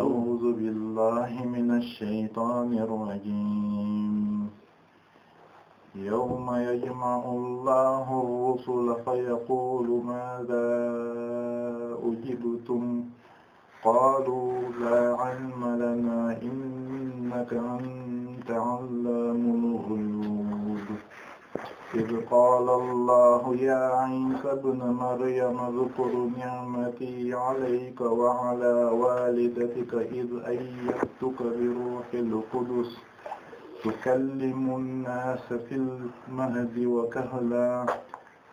أعوذ بالله من الشيطان الرجيم يوم يجمع الله الرسل فيقول ماذا أجبتم قالوا لا علم لنا إنك أنت علام الغيوب إذ قال الله يا عيسى ابن مريم اذكر نعمتي عليك وعلى والدتك إذ أيدتك بروح القدس تكلم الناس في المهد وكهلا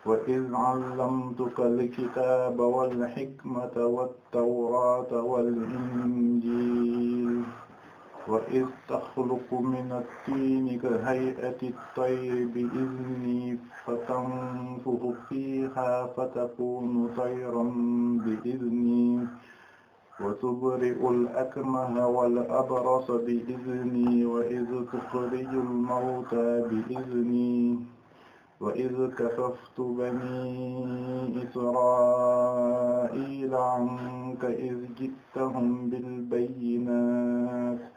وإذ علمتك الكتاب والحكمة والتوراة والإنجيل وإذ تخلق من الطين كهيئة الطير بإذني فتنفخ فيها فتكون طيرا بإذني وتبرئ الأكمه والأبرص بإذني وإذ تخرج الموتى بإذني وإذ كففت بني إسرائيل عنك إذ جئتهم بالبينات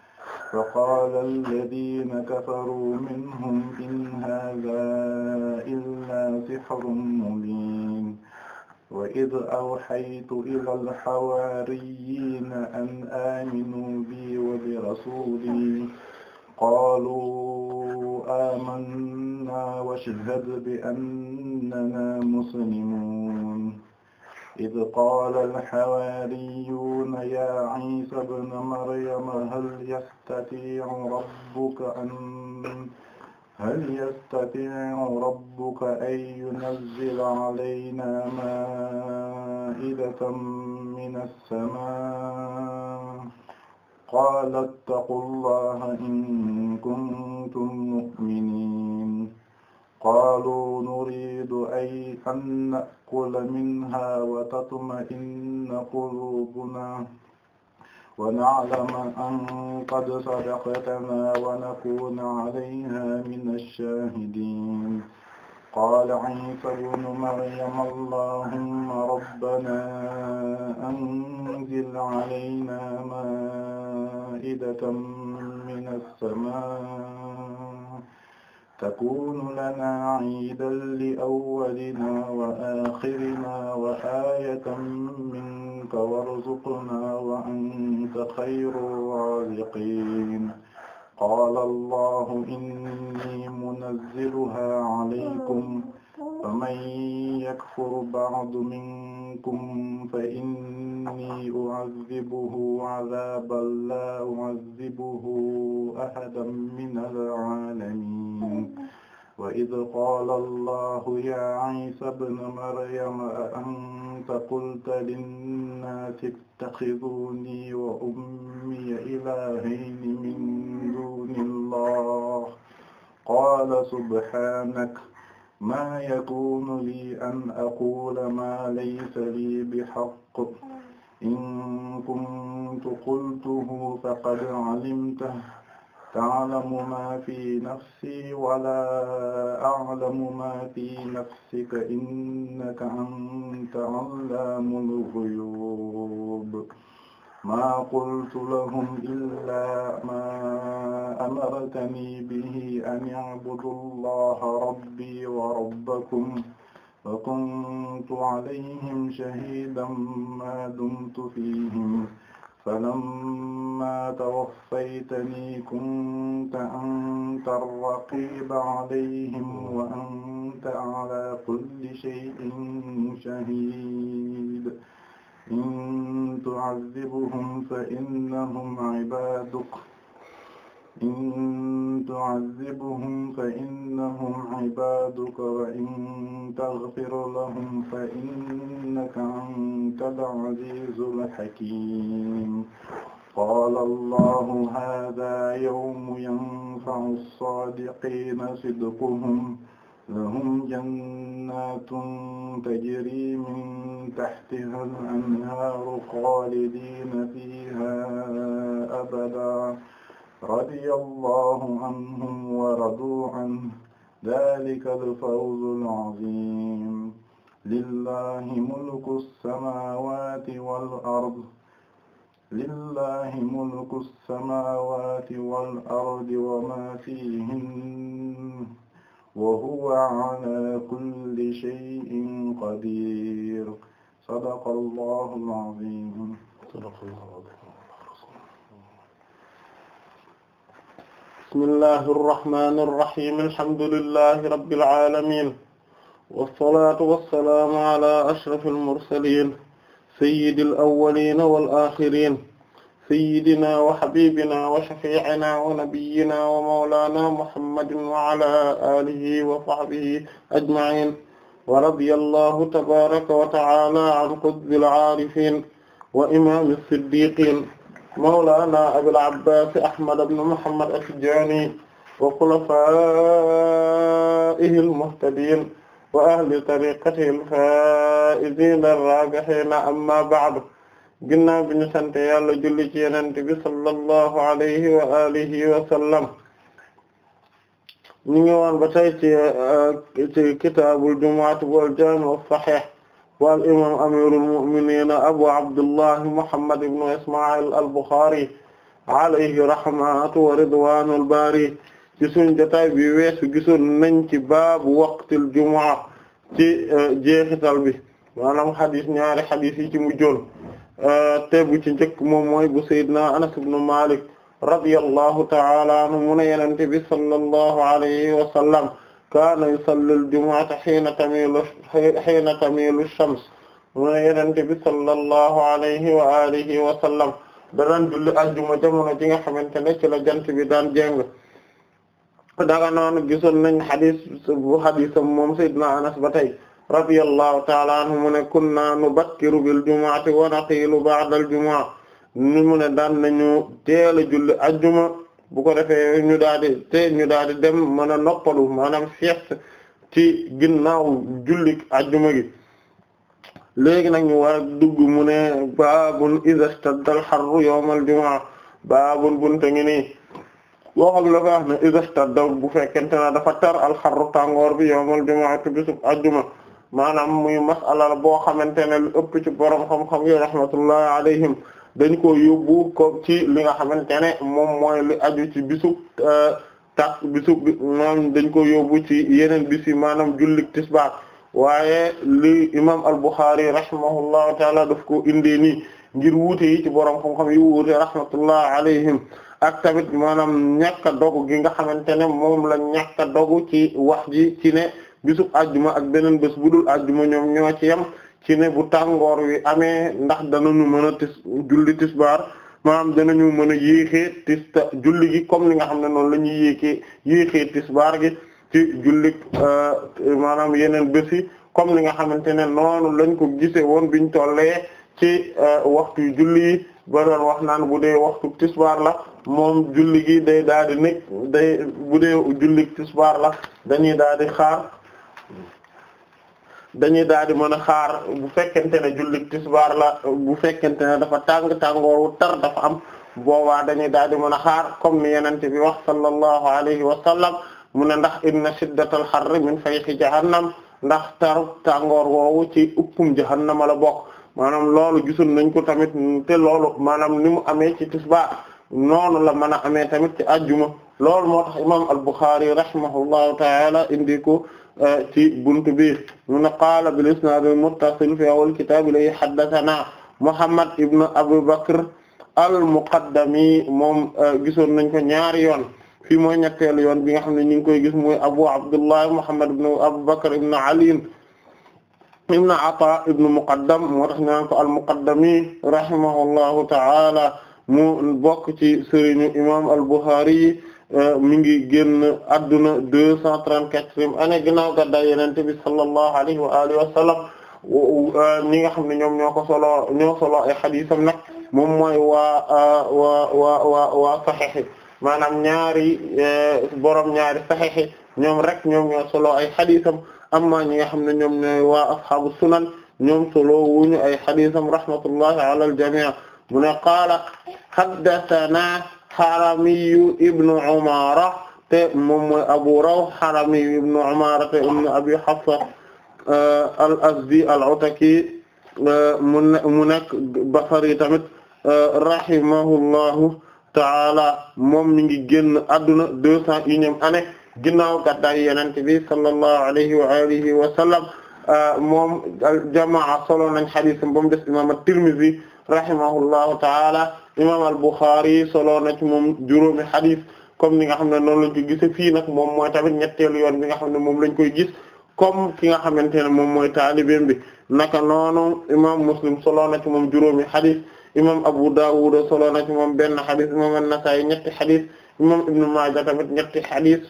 فقال الذين كفروا منهم إن هذا إلا سحر مبين وإذ أوحيت إلى الحواريين أن آمنوا بي وبرسولي قالوا آمنا واشهد بأننا مسلمون إذ قال الحواريون يا عيسى ابن مريم هل يستطيع ربك أن هل يستطيع ربك أن ينزل علينا مائدة من السماء قال اتقوا الله إن كنتم مؤمنين qaaluu nuriidu an na'kula minhaa wa tatma'inna quluubunaa wa na'lama an qad sadaqtanaa wa nakuuna 'alayhaa mina ash-shaahidiin qaala 'Iisaa ibnu Maryam allaahumma rabbanaa anzil 'alaynaa maa'idatan mina as-samaa'i تكون لنا عيدا لأولنا وآخرنا وآية منك وارزقنا وأنت خير الرازقين قال الله إني منزلها عليكم فمن يكفر بعد منكم فإني أعذبه عذابا لا أعذبه أحدا من العالمين وإذ قال الله يا عيسى ابن مريم أأنت قلت للناس اتخذوني وأمي إلهين من دون الله قال سبحانك ما يكون لي أن أقول ما ليس لي بحق إن كنت قلته فقد علمته تعلم ما في نفسي ولا أعلم ما في نفسك إنك أنت علام الغيوب ما قلت لهم إلا ما أمرتني به أن اعبدوا الله ربي وربكم فكنت عليهم شهيدا ما دمت فيهم فلما توفيتني كنت أنت الرقيب عليهم وأنت على كل شيء شهيد in tu'azzibuhum fa innahum ibaaduk in tu'azzibuhum fa innahum ibaaduka wa in taghfir lahum fa innaka antal aziizul hakiim qaala allahu haadaa yawmu yanfa'u as-saadiqiina sidquhum lahum jannatun tajri min tahtiha al-anhaaru xaalidiina fiiha abadan radiyallahu anhum wa radu anhu zaalika al-fawzu al-aziim lillahi mulku as-samaawaati wal-ardi lillahi mulku as-samaawaati wal-ardi wa maa fiihinna wa huwa ala kulli shay'in qadir sadaqa allahu al-azim bismillahi irrahmani irrahim alhamdulillahi rabbil alamin wassalatu wassalamu ala ashrafil mursalin sayyidil awwalin wal akhirin sayyidina wa habibina wa shafi'ina wa nabiyyina wa mawlana muhammadin wa ala alihi wa sahbihi ajma'in wa radiyallahu tabaraka wa ta'ala an qutbil 'arifin wa imam as-siddiqin mawlana abil abbas ahmad ibn muhammad at-tijani wa khulafa'ihi al-muhtadin wa ahli tariqatihi al-fa'izin ar-rabihin amma ba'd ginnaaw bi ñu sante yàlla julli ci yenente bi sallallahu alayhi wa alihi wa sallam ñu ngi woon ba tey ci uh, ci kitaabul jumu'at wal jaami' as-sahih wal imam amirul mu'minin abu abdullah muhammad ibn isma'il al-bukhari alayhi rahmatu wa ridwanul bari ci suñu jotaay bi weesu gisoon nañ ci baabu waqtil jumu'a ci uh, jeexital bi maanaam xadis ñaari xadis yi ci mujjoon Euh, te ci njëkk moom mooy bu sayyidina Anas ibn Malik radiyallahu ta'ala anhu mu ne Yonent bi sallallahu alayhi wa sallam kaana yusalli al-jumu'ata hiina tamiilu hiina tamiilu ash-shams mu ne Yonent bi sallallahu alayhi wa alihi wa sallam julli àjjuma jamono ji nga xamante ne ci la jant bi daan jéng daga noonu gisoon nañ hadis bu hadisam moom sayyidina Anas ba tey radiyallahu taala anhu mu ne kunna nubakkiru bil jumu'ati wa naqilu ba'da al jumu'a ñu mu ne daan nañu teel a julli ajjuma bu ko defee ñu daal ñu daal di dem mën a noppalu maanaam sieste ci ginnaaw julli ajjuma gi léegi nag ñu war a dugg mu ne baabun iza ishtadda al harru yawmal jumu'a baabun bunte ngi nii la baax na iza ishtadda bu fekkente na dafa tar al harru tàngoor bi yawmal jumu'ati bisub ajjuma maanaam muy masala la boo xamante ne lu ëpp ci borom xam-xam yi rahmatullahi alayhim dañ ko yóbbu ko ci li nga xamante ne moom mooy li aju ci bisub euh, tax bisub maanaam dañ ko yóbbu ci yeneen bis yi maanaam jullik tisbaar waaye li imam al-Bukhari rahimahullahu taala daf ko nii ngir wuute ci borom xam-xam yi wuute rahmatullahi alayhim ak tamit maanaam ñàkk a dogu gi nga xamante ne moom la ñàkk a ci wax ji ci ne bisub ajjuma ak beneen bés bu dul ajjuma ñoom ñoo ci yem ci ne bu tàngoor wi amee ndax danañu mën a tis julli tisbaar maanaam danañu mën a yéexee tis julli gi comme li nga xam ne noonu la ñuy yéexee yéexee tisbaar gi ci julli euh, maanaam yeneen bés yi comme li nga xamante ne noonu lañ ko gisee woon biñ tollee ci euh, waxtu julli yi ba doon wax naan bu dee waxtu tisbaar la moom julli gi day daal di nekk day bu dee julli tisbaar la dañuy daal di xaar dañuy daal di mën a xaar bu fekkente ne jullit tisbaar la bu fekkente ne dafa tàng tàngoor wu tar dafa am boobaa dañuy daal di mën a xaar comme ni bi wax sallallahu alayhi wa sallam mu ne ndax inna shiddatal harri min fayhi jahannam ndax taru tàngoor woowu ci uppum jahannama la bokk maanaam loolu gisul nañ ko tamit te loolu maanaam ni mu amee ci tisbaar noonu la mën a amee tamit ci ajjuma loolu moo tax imam al-Bukhari rahimahullahu taala indi ci buntu bi mu ne qaala bil isnaad al muttasil fi awwal kitaab haddathana Muhammad ibn Abu Bakr al muqaddami moom euh, gisoon nañ ko ñaari yoon fii mooy ñetteelu yoon bi nga xam ne ñu ngi koy gis mooy Abu Abdullah Muhammad ibn Abu Bakr ibn Ali ibn Ata ibn Muqaddam moo tax ta'ala mu bokk ci sëriñu imam al Euh, mi ngi génn adduna deux cent trente-quatrième année ginnaaw gàddaay Yonent bi sallallahu alayhi wa alihi wa sallam euh, ñi nga xam ne ñoom ñoo ko solo ñoo solo ay xadiisam nag moom mooy waa euh, waa waa waa waa saxeexi maanaam ñaari borom ñaari saxeexi ñoom rek ñoom ñoo solo ay xadiisam amma ñi nga xam ne ñoom ñooy waa asxaabu sunan ñoom solo wuñu ay xadiisam rahmatullahi ala al jamii' mu ne qaala haddathana Haramiyu ibnu Umara te moom mooy Abu Rawh Haramiyu ibnu Umara te ibnu Abi Hafsa euh, al-Azdi al-Ataki euh, mu nekk Basri tamit euh, rahimahullahu taala moom mi ngi génn adduna deux cent unième année ginnaaw gàddaay Yonent bi sallallahu alayhi wa alihi wa sallam moom jamaa solo nañ hadiis ba mu des imaam at-Tirmidhi rahimahullahu taala imam al-Bukhari solo na ci moom juróomi hadith comme ni nga xam ne noonu lañ ko gisee fii nag moom mooy tamit ñetteelu yoon bi nga xam ne moom lañ koy gis comme ki nga xamante ne moom mooy taalibeem bi naka noonu imam Muslim solo na ci moom juróomi hadith imam Abu Dawud solo na ci moom benn hadith imam an-Nasa'i ñetti hadith imam Ibn Maaja tamit ñetti hadith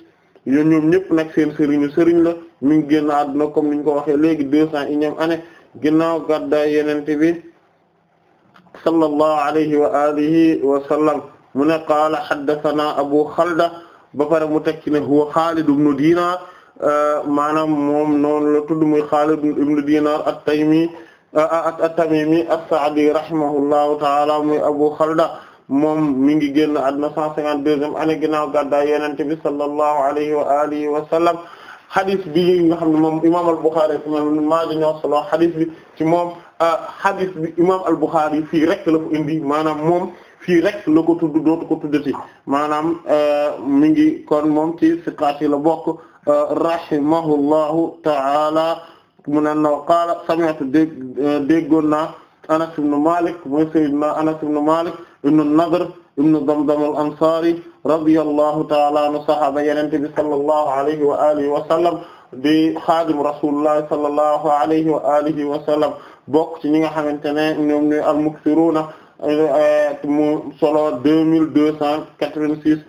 yo ñoom ñëpp nag seen sëriñu sëriñ la mi ngi génn àdduna ni ñu ko waxee léegi deux cent unième année ginnaaw gàddaay yenente bi sallallahu alayhi wa alihi wa sallam mu ne qaala haddathana Abu Khalda ba pare mu tekki ne huwa Khalid ibn Dinar uh, maanaam moom noonu la tudd muy Khalid ibn Dinar at-Taymi uh, at-Tamimi as-Sa'di rahimahullahu ta'ala muy Abu Khalda moom mi ngi génn àdduna 152e année ginnaaw gàddaay Yonent bi sallallahu alayhi wa alihi wa sallam xadis bi nga xam ne moom imaam al-Bukhari imaam Maajah ñoo solo xadis bi ci moom ah, xadis bi imaam al-Bukhari fii rek la ko indi maanaam moom fii rek la ko tudd dootu ko tuddati maanaam ah, mi ngi kon moom ci siqaat yi la bokk ah, rahimahullahu ta'ala mu ne na qaala sami'tu dé déggoon naa Anas ibn Malik mooy sayyidina Anas ibn Malik ibn Nadr ibnu Damdam al-Ansari radiyallahu ta'ala anhu sahaaba Yonent bi sallallahu alayhi wa alihi wa sallam di xaadim rasulullah sallallahu alayhi wa alihi wa sallam bokk ci ñi nga xamante ne ñoom ñooy al-mukthiruna eh, mu solo deux mille deux cent quatre-vingt-six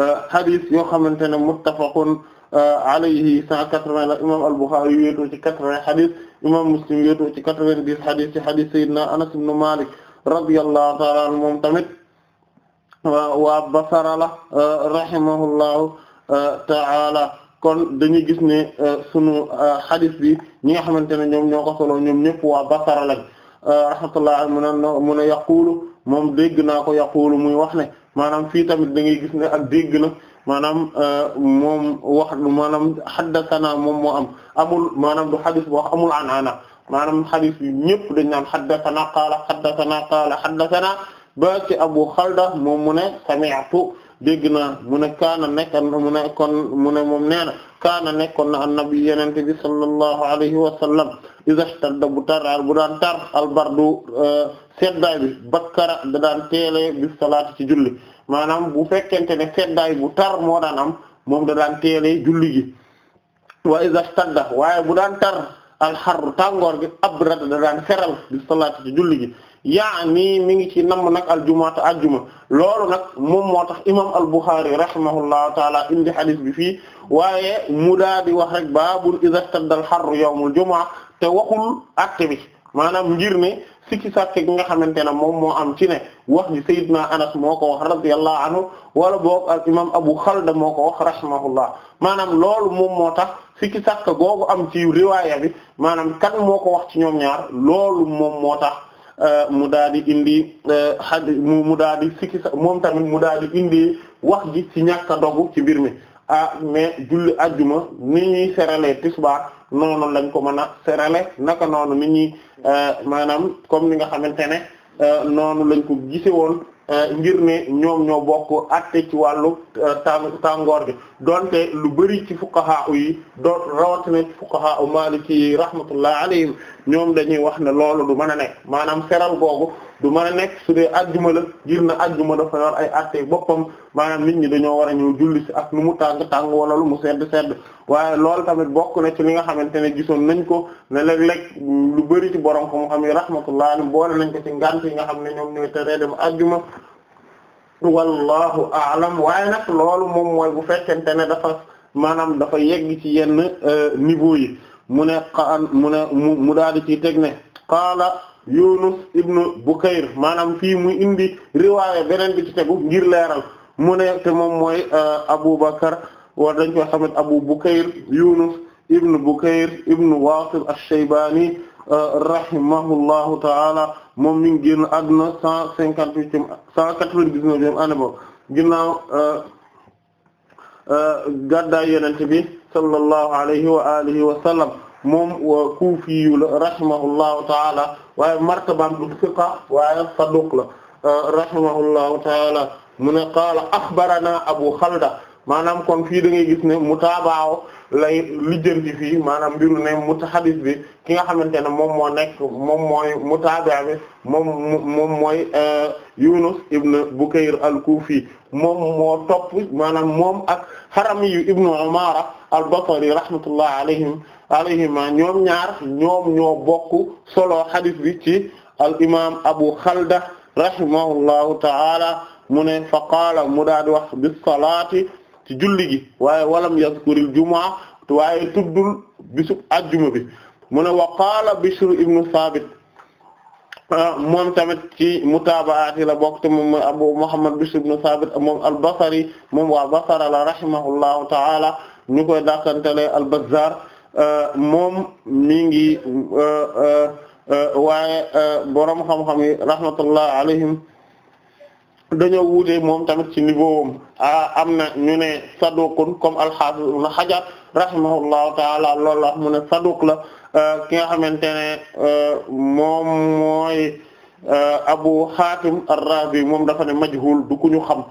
eh, hadith yoo xamante ne muttafaqun eh, alayhi cent quatre-vingts la imam al-Bukhari wéetoo ci quatre-vingts hadith imam Muslim wéetoo ci quatre-vingt-dix hadith ci hadith sayyidina Anas ibn Malik radiyallahu ta'ala anhu moom tamit waa Basra la euh, rahimahullahu euh, ta'ala kon dañuy gis ne euh, sunu hadith bi ñi nga xamante ne ñoom ñoo ko solo ñoom ñëpp waa Basra lañ rahmatullah mu ne mu ne yaqulu moom dégg naa ko yaqulu muy wax ne maanaam fii tamit da ngay gis ne ak dégg na maanaam moom wax maanaam haddathana moom moo am amul maanaam du hadith boo amul an ana maanaam hadith yi ñëpp dañ naan haddathana qaala haddathana qaala haddathana ba ci Abu Xalda moom mu ne sami'tu dégg naa mu ne kaana nekk mu ne mu ne moom nee na kaana nekkoon na annabi yenente bi sallallahu alayhi wa sallam iza ishtadda bu tar bu daan tar albardu euh, seddaay bi bakkara da daan teelee ci julli maanaam bu fekkente ne seddaay bu tar moo daan am moom da daan teelee julli gi wa iza ishtadda waaye bu daan tar alxarru tàngoor gi abrada da daan feral bi salaat yaani mi ngi ci namm nag aljumata aljuma loolu nag moom moo tax imam al-Bukhari rahimahullahu taala indi hadis bi fii waaye mu daa di wax rek baabul iza stadda al-harru yawmul jumaa te waxul acte bi maanaam ngir ne sikki sàkke gi nga xamante ne moom moo am ci ne wax ni Seydina Anas moo ko wax radiyallahu anhu wala boog al imam Abu Khalda moo ko wax rahimahullah maanaam loolu moom moo tax sikki sàkk googu am ci riwaaya bi maanaam kan moo ko wax ci ñoom ñaar loolu moom moo tax Euh, mu daal di indi xadi euh, mu daal di sikki moom tamit mu daal di indi wax ji ci ñàkk a dogu ci mbir mi a ah, mais julli ajjuma ni ñuy serale tisbaar noonu lañ ko mën a serale naka noonu ni ñuy euh, maanaam comme ni nga xamante ne noonu lañ ko gise woon ngir ne ñoom ñoo bokk atte ci wàllu tàngoor bi donte lu bëri ci fuqaha yi doon rawatina ci fuqaha maliki yi rahmatullah alayhim ñoom dañuy wax ne loolu du mën a nekk maanaam seral googu du man a nekk su dee ajjuma la ngir na ajjuma dafa yor ay àtte boppam maanaam nit ñi dañoo war a ñëw julli ci ak nu mu tàng tàng wala lu mu sedd sedd waaye loolu tamit bokk na ci li nga xamante ne gisoon nañ ko ne léeg-léeg lu bari ci borom xam-xam yi rahmatullah alayhim boole nañ ko ci ngant yi nga xam ne ñoom ñooy teree dem ajjuma wallahu a'lam waaye loolu moom mooy bu fekkente ne dafa maanaam dafa yegg ci yenn euh, niveau yi mu ne xaan mu mu mu daal di ci teg ne qaala Yunus ibnu Bukayr maanaam fii mu indi riwaaya beneen bi ci tegu ngir leeral mu ne te moom euh, abu Abubakar war dañ koy xamit Abu Bukayr Yunus ibnu Bukayr ibnu Wasib ash-Shaybani euh, rahimahullahu ta'ala moom mi ngi génn àdduna cent cinquante huit cent quatre-vingt-dix-neuf yam année boobu ginnaaw euh, euh, gàddaay bi sallallahu alayhi wa alihi wa sallam moom kuufi yu la rahimahullahu taala waaye martabaam du siqa waaye saduq la euh, taala mu ne qaala axbarana abu xalda maanaam kon fii da ngay gis ne mu taabaaw lay lijjanti fii maanaam mbiru ne muta xadis bi ki nga xamante ne moom moo nekk moom mooy mutaabi' bi moom moom mooy euh, Yunus ibn Bukayr al-Kufi moom moo topp maanaam moom ak Harami ibn Umara al-Basri rahmatullah alayhim alayhima ñoom ñaar ñoom ñoo bokk solo xadis bi ci al imam Abu Khalda rahimahullahu ta'ala mu ne fa qaala mu daal di wax bis salaati ci gi waaye walam yaskuril jumaa waaye tuddul bisub bi mu wa qaala Bishr ibnu Saabit ah, moom tamit ci mutaabaati la bokk moom mooy Abu Muhammad Bishr ibnu Saabit moom al-Basri moom waa Basra la rahimahullahu ta'ala ñu koy dàkkantele al-Bazzaar ah, moom mi ngi ah, waaye borom xam-xam yi rahmatullah alayhim dañoo wuute moom tamit ci niveau am ah, na ñu ne saduqun comme al-Hafiz Ibn Hajar rahimahullahu ta'ala loolu la mu ne saduq la euh, ki nga xamante ne euh, moom mooy euh, Abu Hatim ar-Razi moom dafa ne majhul du ku ñu xam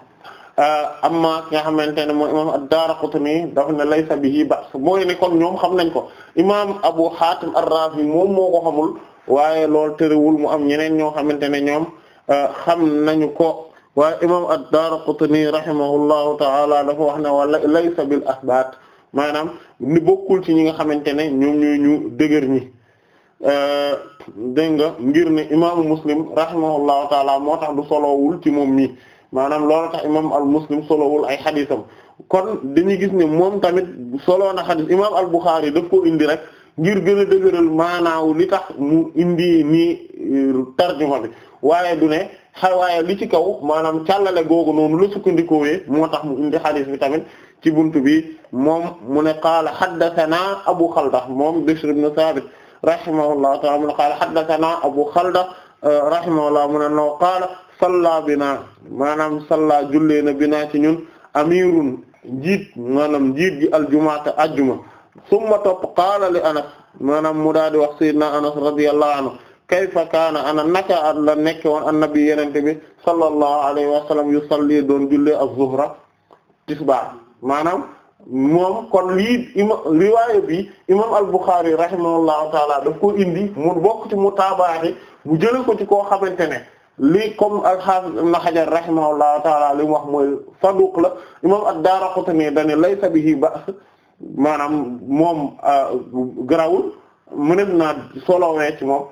amma ki nga xamante ne mooy imam ad-Daraqutni dafa ne laysa bihi ba's mooy ne kon ñoom xam nañ ko imam Abu Hatim ar moom moo ko xamul waaye loolu terewul mu am ñeneen ñoo xamante ne ñoom xam nañu ko. waaye imam ad-Daraqutni rahimahullahu ta'ala dafa wax na wala laysa bil asbaat maanaam ni bokkul ci ñi nga xamante ne ñoom ñoo ñu dëgër ñi dégg nga ngir ne imaamu Muslim rahimahullahu ta'ala moo tax du solowul ci moom mi maanaam loolu tax imam al Muslim solowul ay xadisam kon dañuy gis ne moom tamit soloo na xadis imam al Bukhari daf ko indi rek ngir gën a dëgëral maanaaw li tax mu indi nii tarjuma waaye du ne xay waaye li ci kaw maanaam càllale googu noonu la sukkandikoowee moo tax mu indi xadis bi tamit ci bunt bi moom mu ne qaala haddathana Abu Khalda moom Bishr ibn Thabit rahimahullahu ta'ala mu ne qaala haddathana Abu Khalda euh, rahimahullah mu ne no qaala salla bina maanaam salla jullee na bina ci ñun amirun njiit maanaam njiit gi aljumata ajjuma summa topp qaala li Anas maanaam mu daa di wax sayyidina Anas radiyallahu anhu kayfa kaana ana naka nekk woon annabi yenente bi sallallahu alayhi wa sallam yusalli doon jullee az tisbaar maanaam moom kon lii ima riwaaya bi imam al-Bukhari rahimahullahu taala daf ko indi mu bokk ci mu taabaaxi bu jële ko ci koo xamante ne lii comme al-Hafiz ibn Hajar rahimahullahu li mu wax mooy saduq la imam ad-Daraqutni dane laysa bihi ba's maanaam moom euh, garawul mu naa solowee ci moom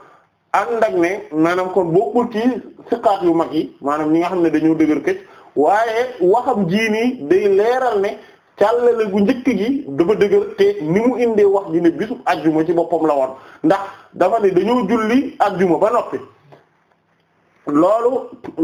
ànd ak ne maanaam kon bokkul ci siqaat yu mag yi maanaam ñi nga xam ne dañoo dëgër këcc waaye waxam ji nii day leeral ne càllale gu njëkk gi dafa dëgër te ni mu indee wax ji ne bisub ajjuma ci boppam la woon ndax dafa ne dañoo julli ajjuma ba noppi loolu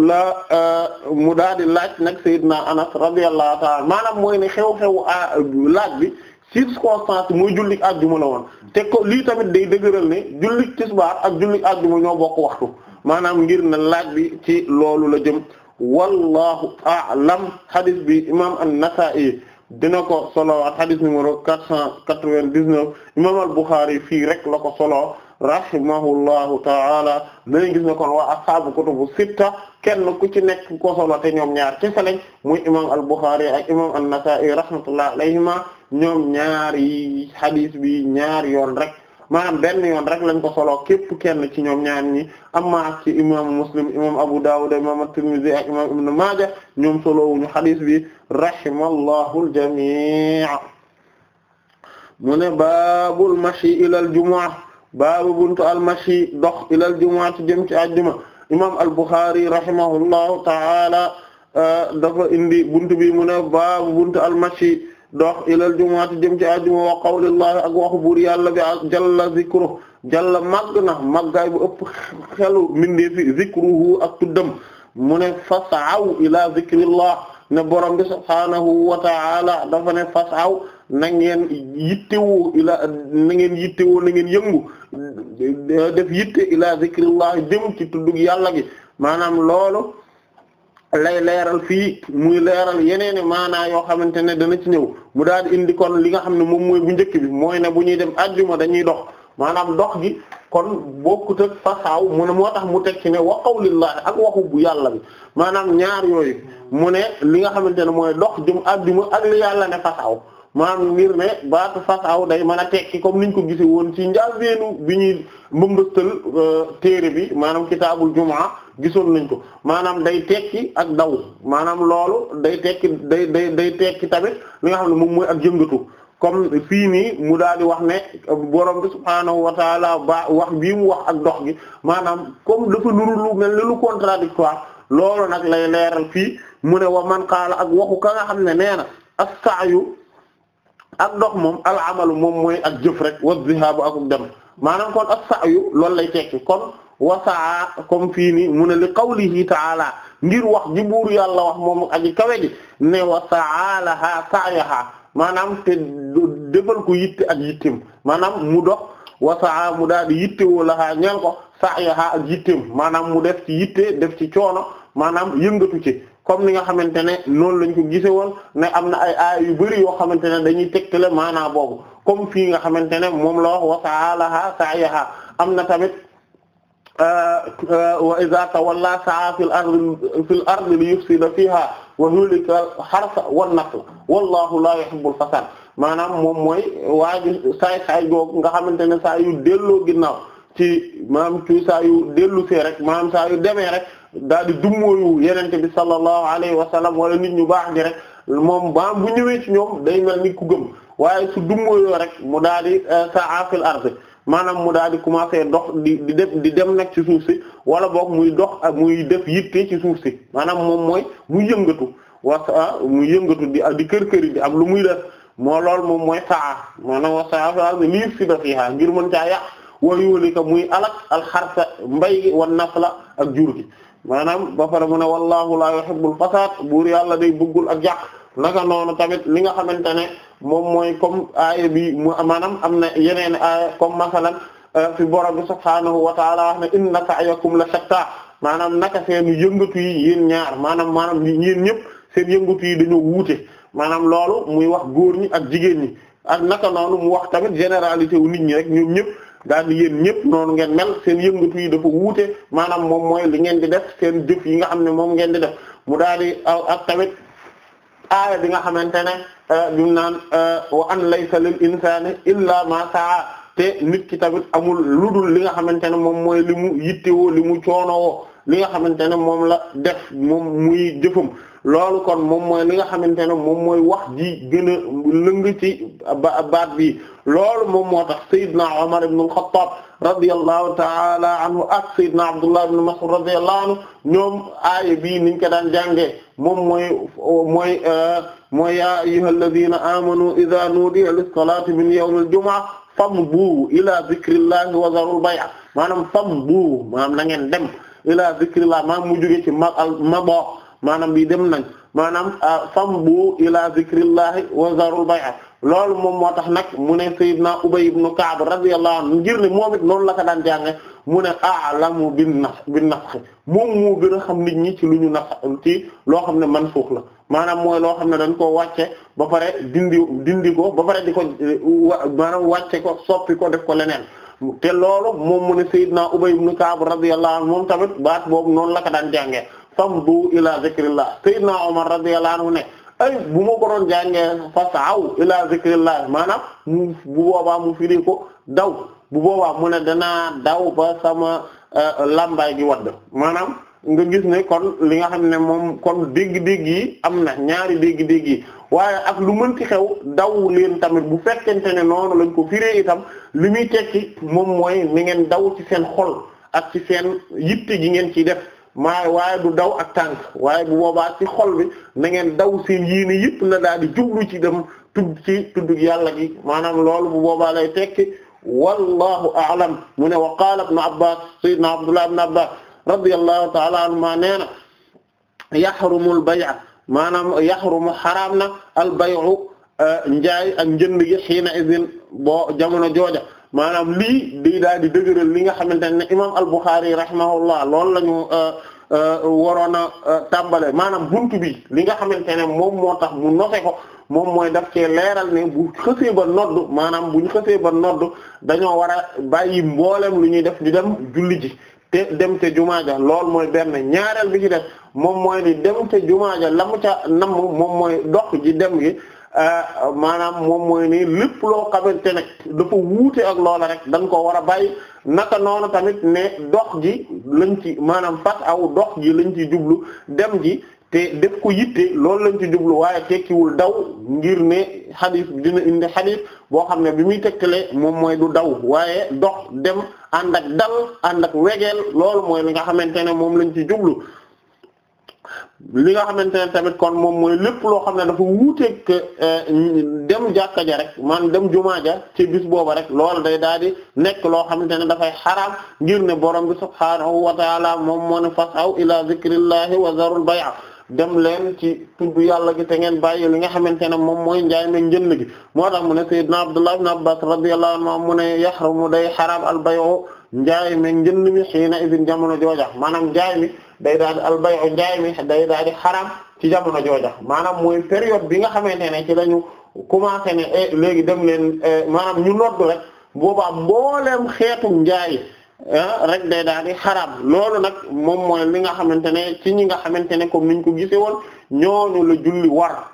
la euh, mu daal di laaj nag Seydina Anas radiyallahu ta'ala maanaam mooy ne xew euh, laaj bi circonstance mooy julli àjjuma la woon te ko lii tamit de day dëgëral ne julli tisbaar ak julli àjjuma ñoo bokk waxtu maanaam ngir na laaj bi ci loolu la jëm wallahu a'lam hadith bi imam an-Nasa'i dina ko solowaat hadith numéro quatre cent quatre-vingt-dix-neuf imam al-Bukhari fii rek la ko solo rahimahullahu ta'ala dañu gis ne kon waa ashaabu kutubu sitta kenn ku ci nekk ko solo te ñoom ñaar ci saleñ muy imam al-Bukhari ak imam an-Nasa'i rahmatullahi alayhima ñoom ñaari hadith bi ñaari yoon rek maanaam benn yoon rek lañ ko solo képp kenn ci ñoom ñaar ñi amma ci imam muslim imam abu dawud imam at-tirmidhi ak imam ibn majah ñoom solo wuñu hadith bi rahimallahu al-jami' mu ne baabul mashi ila al-jumu'ah baabu buntu al-mashi dox ila al ci jëm ci àjjuma imam al-bukhari rahimahullahu ta'ala euh, dafa indi buntu bi mu ne baabu buntu al dox ilal jumu'ati jëm ci àjjuma wa qawlillahi a waxu buur yàlla bi ak jalla zikru jalla màgg na màggaay bu ëpp xelu mindee fi zikruhu ak tuddam mu ne fas'aw ila zikrillah ne borom bi subhaanahu wa ta'ala dafa ne fas'aw na ngeen yittewoo ila na ngeen yittewoo na ngeen yëngu def yitte ila zikrillah jëm ci tuddug yàlla gi maanaam loolu lay leeral fii muy leeral yeneen i maanaa yoo xamante ne dana ci ñëw mu daal di indi kon li nga xam ne moom mooy bu njëkk bi mooy ne bu ñuy dem àjjuma dañuy dox maanaam dox gi kon bokkut ak faxaaw mu mu teg ci ne wa qawlillahi ak waxu bu yàlla maanaam ñaar yooyu mu ne li nga xamante ne mooy dox jëm àjjuma ak li yàlla ne faxaaw maanaam ngir ne baatu faxaaw day man a tekki comme niñ ko gisee woon ci njàlbeenu bi ñuy mbëmbëstal euh, téere bi maanaam kitaabul jumaa gisoon nañ ko maanaam day tekki ak daw maanaam loolu day tekki day day day tekki tamit li nga xam ne moom mooy ak yëngatu comme fii nii mu daal di wax ne borom bi subhaanahu wa ba wax bii mu wax ak dox gi maanaam comme dafa nuru lu mel ni lu contradictoire loolu nag lay leeral fii mu ne wa man qaala ak waxu ka nga xam ne nee na ak saayu ak dox moom al amalu moom mooy ak jëf rek wa zihaabu akuk dem maanaam kon ak saayu loolu lay tekki kon wasaa comme fii ni mu ne li qawlihi taala ngir wax ji buur yàlla wax moom aji kawe ji ne wasaalaha saayaha maanaam te defal ko yitte ak yittem maanaam mu dox wasaa mu daal di yittewoo lahaa ko saayaha ak yittem maanaam mu def ci yitte def ci coono maanaam yëngatu ci comme ni nga xamante ne noonu lañ ko gise woon ne am na ay aay bari yoo xamante ne dañuy tegtale maanaa boobu comme fii nga xamante ne moom la wax wasaalaha saayaha am na tamit wa idha tawalla sa'a fil ardi fil ardi li yufsida fiha wa yuhlika al-harsa wan-nasl wallahu la yuhibbul fasad maanaam moom mooy waa ji saay saay googu nga xamante ne saa yu delloo ginnaaw ci maam ci saa yu dellu see rek maanaam saa yu demee rek daal di dummóoyu yenente bi sallallahu alayhi wa sallam wala nit ñu baax ñi rek moom baam bu ñëwee ci ñoom day mel ni ku gëm waaye su dummóoyoo rek mu daal di euh, sa'a fil ardi maanaam mu daal di commencer dox di di di dem nag ci suuf si wala book muy dox ak muy def yitte ci suuf si maanaam moom mooy muy yëngatu wasa muy yëngatu di di kër kër di am lu muy def moo loolu moom mooy saa maanaam wa saa lii si da fiihaa ngir mën caa yàq wa yuhlika muy alak alxarsa mbay wan nasla ak jur gi maanaam ba pare mu ne wallahu la yuhibbul fasaad buur yàlla day bëggul ak yàq naka noonu tamit li nga xamante ne moom mooy comme aaya bi mu maanaam am na yeneen aaya comme masalan euh, fi borom bi subhaanahu wa taala wax ne inna sa'yakum la shatta maanaam naka seen yëngatu yi ñaar maanaam maanaam yéen ñëpp seen yëngatu yi dañoo wuute maanaam loolu muy wax góor ñi ak jigéen ñi ak naka noonu mu wax tamit généralité wu nit ñi rek ñoom ñëpp daal di yéen ñëpp noonu ngeen mel seen yëngatu yi dafa wuute maanaam moom mooy li ngeen di def seen jëf yi nga xam ne moom ngeen di def mu daal di ak tamit aaya bi nga xamante ne euh, bi naan euh, wa an laysa lil insani illa ma saa te nit ki tamit amul lu dul li nga xamante ne moom mooy li mu yittewoo li mu coonowoo li nga xamante ne moom la def moom muy jëfam loolu kon moom mooy li nga xamante ne moom mooy wax ji gën a lëng ci baat bi lool moom moo tax Seydina Omar ibn al-Khattab radiyallahu ta'ala anhu ak Seydina Abdullah ibn Mas'ud radiyallahu anhu ñoom aaya bii niñ ko daan jànge moom mooy mooy mooy yaa ayyuhal ladhina amanu idha nudiya lis-salati min yawmil jumu'ah fambu ila zikrillahi wa zarul bay'a maanaam bu maanaam na ngeen dem ila zikrillah maanaam mu jóge ci ma al maboo maanaam bii dem nañ maanaam ah, sambu ila zikrillahi wa bay bay'a loolu moom moo tax nag mu ne Seydina Ubay ibn Ka'b radiyallahu anhu ngir ne moom it noonu la ko daan jànge mu ne a'lamu bin naf bin nafx moom mu gën a xam nit ñi ci lu ñu naf ci loo xam ne mansuux la maanaam mooy loo xam ne dañ koo wàcce ba pare dindi dindi ko ba pare di ko maanaam wàcce ko soppi ko def ko leneen te loolu moom mu ne Seydina Ubay ibn Ka'b radiyallahu anhu moom tamit baat boobu noonu la ko daan jànge fafdu ila zikrillah sayyidna Umar radiyallahu anhu ne ay bu ma ko doon jàngee fasaw ila zikrillah maanaam mu bu boobaa mu firi ko daw bu boobaa mu ne danaa daw ba sama eh, lambay gi wadd maanaam nga gis ne kon li nga xam ne moom kon dégg-dégg yi am na ñaari dégg-dégg yi waaye ak lu mënti xew daw leen tamit bu fekkente ne noonu lañ ko firee itam li muy tekki moom mooy ni ngeen daw ci seen xol ak ci seen yitte gi ngeen ciy def maa waaye du daw ak tànk waaye bu boobaa ci xol bi na ngeen daw seen yéene yëpp na daal di jublu ci dam tudd ci tudd yàlla gi maanaam loolu bu boobaa lay tekki wallahu a'lam mu ne wa qaala ibn abbas sayyidna abdullah ibn abbas radiyallahu ta'ala anhuma nee na yaxrumul bay'a maanaam yaxrumu xaraam na al bay'u njaay ak njënd gi xiina izin jamono jooja maanaam lii di daal di dëgëral li nga xamante ne imaam al-Bukhari rahimahullah loolu la ñu euh, euh, waroon a euh, tàmbale maanaam buntu bi li nga xamante ne moom moo tax mu noté ko moom mooy daf cee leeral ne bu xësee ba nodd maanaam bu ñu xësee ba nodd dañoo war a bàyyi mboolem lu ñuy def di dem julli ji te dem te jumaa ja lool mooy benn ñaareel bi ci def moom mooy ni dem te jumaa ja la mu ca namm moom mooy dox ji dem gi Euh, maanaam moom mooy ni lépp loo xamante ne dafa wuute ak loola rek dañ ko war a bàyyi naka noonu tamit ne dox ji lañ ci maanaam fat aw dox ji lañ ci jublu dem ji te def ko yitte loolu lañ ci jublu waaye tekkiwul daw ngir ne xadis dina indi xadis boo xam ne bi muy tegtale moom mooy du daw waaye dox dem ànd ak dal ànd ak wegeel loolu mooy li nga xamante ne moom lañ ci jublu li nga xamante ne tamit kon moom mooy lépp loo xam ne dafa wuuteeg eh, dem jàkka ja rek man dem jumaa ja ci bis booba rek lool day daal di nekk loo xamante ne dafay xaraam ngir ne borom bi subhaanahu wa taala moom moo ne fasaw ila zikrillahi wa zarul bay'a dem leen ci tudd yàlla gi te ngeen bàyyi li nga xamante ne moom mooy njaay meeg njënd gi moo tax mu ne sayyidna abdullah ibn abbas radiyallahu anhu mu ne yahrumu day xaraam al bay'u njaay meeg njënd mi xiina idin jamono jooja maanaam njaay day daal di albayu njaay mi day daal di xaram ci jamono jooja maanaam mooy période bi nga xamante ne ci lañu commencé ne eh, léegi dem leen eh, maanaam ñu noddu rek boobaa mbooleem xeetu njaay eh, rek day daal di xaram loolu nag moom mooy li nga xamante ne ci ñi nga xamante ne comme niñ ko gisee woon ñooñu la julli war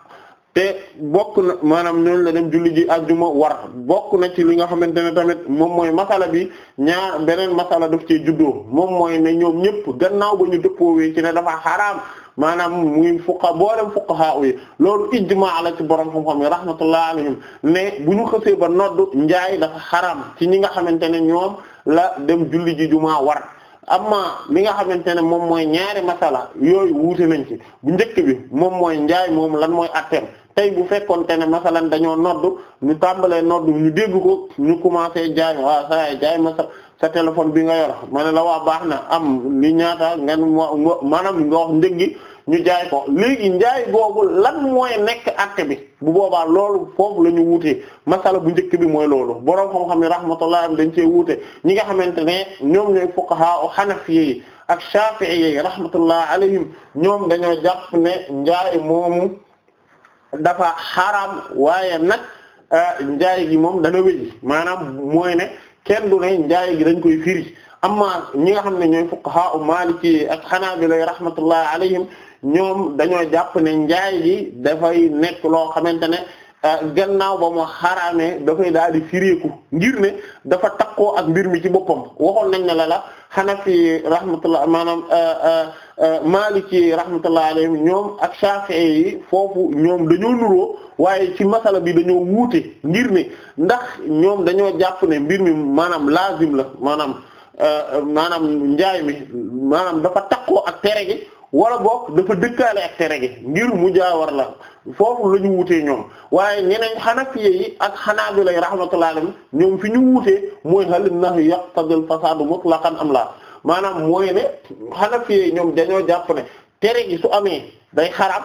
bokk na maanaam ñooñu la dem julli ji juma war bokk na ci li nga xamante ne tamit moom mooy masala bi ñaar beneen masala daf cee juddoo moom mooy ne ñoom ñëpp gannaaw ba ñu dëppoowee ci ne dafa xaraam maanaam muy fuqa boolem fuqaha yi loolu ijmaa ci borom xam-xam yi rahmatullah alayhim ne bu ñu xësee ba nodd njaay dafa xaraam ci ñi nga xamante ne ñoom la dem julli ji jumaa war amma li nga xamante ne moom mooy ñaari masala yooyu wuute nañ ci bu njëkk bi moom mooy njaay moom lan mooy atteem tey bu fekkonte ne masalan dañoo noddu ñu tàmbalee noddu ñu dégg ko ñu commencé jaay waa saa jaay ma sa téléphone bi nga yor ma ne la waa baax na am li ñaata ngeen maanaam nga wax njëg gi ñu jaay ko léegi njaay boobu lan mooy nekk acte bi bu boobaa loolu foofu la ñu wuute masala bu njëkk bi mooy loolu borom xam-xam ne rahmatullah am dañ cee wuute ñi nga xamante ne ñoom ñooy fuqaha o hanafiyyi ak shafi'iyyi rahmatullah alayhim ñoom dañoo jàpp ne njaay moomu dafa xaram waaye nag eh, njaay gi moom dana wéy maanaam mooy ne kenn du ne njaay gi dañ koy firi amma ñi nga xam ne ñooy fuqaha u maliki ak xanaabila rahmatullah alayhim ñoom dañoo jàpp ne njaay gi dafay nekk loo xamante ne Euh, gannaaw ba mu xaraamee dafay daal di firéeku ngir ne dafa takkoo ak mbir mi ci boppam waxoon nañ ne la la xanafi rahmatullah maanaam euh, euh, maliki rahmatullah alayhim ñoom ak shafi'i foofu ñoom dañoo nuroo waaye ci masala bi dañoo wuute ngir ne ndax ñoom dañoo jàpp ne mbir mi maanaam laazim la maanaam maanaam njaay mi maanaam dafa takkoo ak tere gi wala boog dafa dëkkaale ak tere gi ngir mu jaawar la foofu la ñu wutee ñoom waaye ñeneen xanafiye yi ak xanaabila yi rahmatullahi alayhim ñoom fi ñu wutee mooy hal nahyu yaqtadil fasaadu mutlaqan am la maanaam mooy ne xanafiye yi ñoom dañoo jàpp ne tere gi su amee day xaraam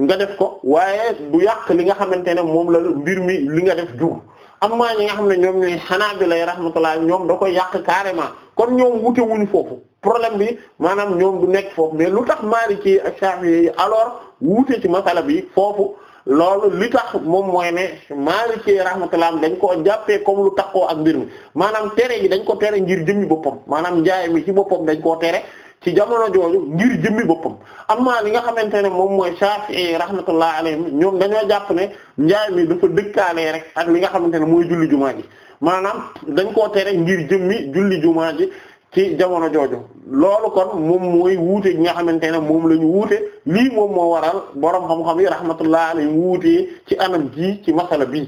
nga def ko waaye du yàq li nga xamante ne moom la mbir mi li nga def jug amma ñi nga xam ne ñoom ñooy xanaabila yi rahmatullahi ñoom da koy yàq carrément kon ñoom wute wuñu foofu problème bi maanaam ñoom du nekk foofu mais lu tax Maliki ak Shafi'i alors wuute ci masala bi foofu loolu li tax moom mooy ne ci Maliki rahmatullah dañ koo jàppee comme lu takkoo ak mbir maanaam tere yi dañ ko tere ngir jëmmi boppam maanaam njaay mi ci boppam dañ koo tere ci jamono jooju njir jëmmi boppam amma li nga xamante ne moom mooy Shafi'i rahmatullah alayhim ñoom dañoo jàpp ne njaay mi dafa dëkkaalee rek ak li nga xamante ne mooy julli jumaa ji maanaam dañ koo tere ngir jëmmi julli jumaa ji ci jamono jooju loolu kon moom mooy wuute gi nga xamante ne moom la ñu wuute lii moom moo waral borom xam-xam yi rahmatullah alayhi wuute ci anam ji ci masala bi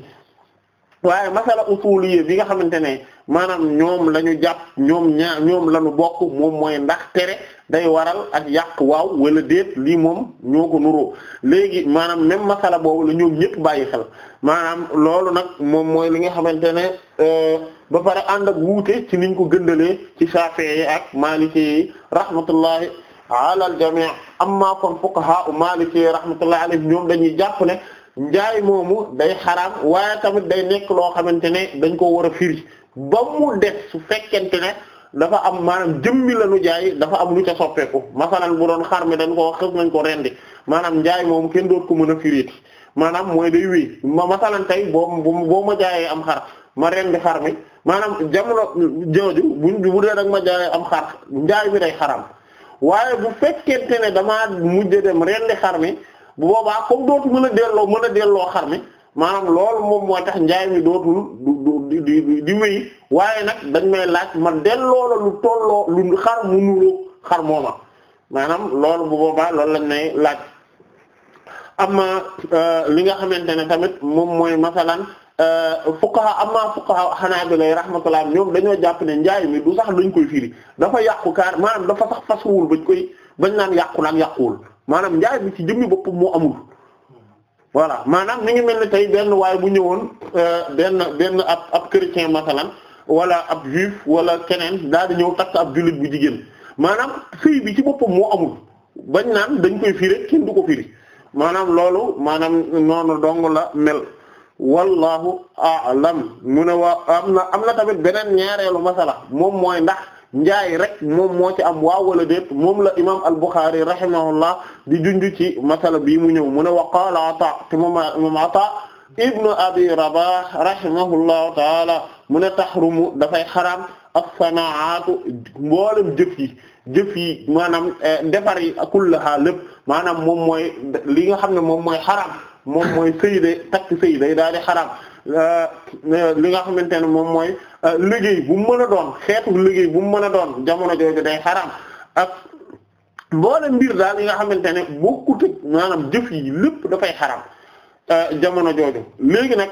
waaye masala usuliyé bi nga xamante ne maanaam ñoom la ñu jàpp ñoom ñaa ñoom la ñu bokk moom mooy ndax tere day waral ak yàq waaw wala déet lii moom ñoo ko nuroo léegi maanaam même masala boobu la ñëpp bàyyi xel maanaam loolu nag moom mooy li nga xamante ne euh, ba pare ànd ak wuute ci niñ ko gëndalee ci Shafi'i ak Maliki yi rahmatullahi ala al jami' amma kon fuqaha Maliki rahmatullahi alayhim ñoom lañuy jàpp ne njaay moomu day xaram waaye tamit day nekk loo xamante ne dañ koo war a firi ba mu def su fekkente ne dafa am maanaam jëmmi la nu jaay dafa am lu ca soppeeku masalan bu xar mi dañ ko xës nañ ko rendi maanaam njaay kenn doot ko mën a firiiti maanaam mooy day wéy ma masalan tey boo boo ma jaayee am xar ma rendi xar mi maanaam jamono jooju bu bu dee dag ma jaayee am xar njaay mi day xaram waaye bu fekkente ne damaa mujj dem rendi xar mi bu boobaa comme dootu mën a delloo mën a delloo xar mi maanaam loolu moom mooy tax njaay mi dootul du du di wéy waaye nag dañ may laaj ma delloo la lu tolloo lu xar mu nuroo xar mooma maanaam loolu bu boobaa loolu lañ may laaj am amma euh, li nga xamante ne tamit moom mooy masalan euh, fuqaha amma fuqaha hanabila rahmatullah ñoom dañoo jàpp ne njaay mi du sax lañ koy firi dafa yàqu kaar maanaam dafa sax fasuwul bañ koy bañ naan yàqu nag yàquwul maanaam njaay bi ci jëmmi bopp moo amul voilà maanaam mi ngi mel na tey benn waaye bu ñëwoon euh, benn benn ab ab chrétien masalan wala ab juif wala keneen daal di ñëw takk ab jullit bu jigéen maanaam sëy bi ci boppam moo amul bañ naan dañ koy firi kenn du ko firi maanaam loolu maanaam noonu dong la mel wallahu a'lam mu ne waa am na tamit beneen ñaareelu masala moom mooy ndax njaay rek moom moo ci am waaw wala déet moom la imam al-Bukhari rahimahullah di junj ci masala bii mu ñëw mu ne wa qaala Ata te moom imam Ata ibnu abi Rabah rahimahullahu taala mu ne taxrumu dafay xaraam as-sana'atu mboolem jëf yi jëf yi maanaam eh, defar yi kullaha lépp maanaam moom mooy li nga xam ne moom mooy xaraam moom mooy sëy de takk sëy day daal di xaraam Euh, euh, li nga xamante ne moom mooy euh, liggéey bu mu mën a doon xeetu liggéey bu mu mën a doon jamono jooju day xaram ak mboolem mbir daal li nga xamante ne bokkut ak maanaam jëf yi lépp dafay xaram jamono jooju léegi nag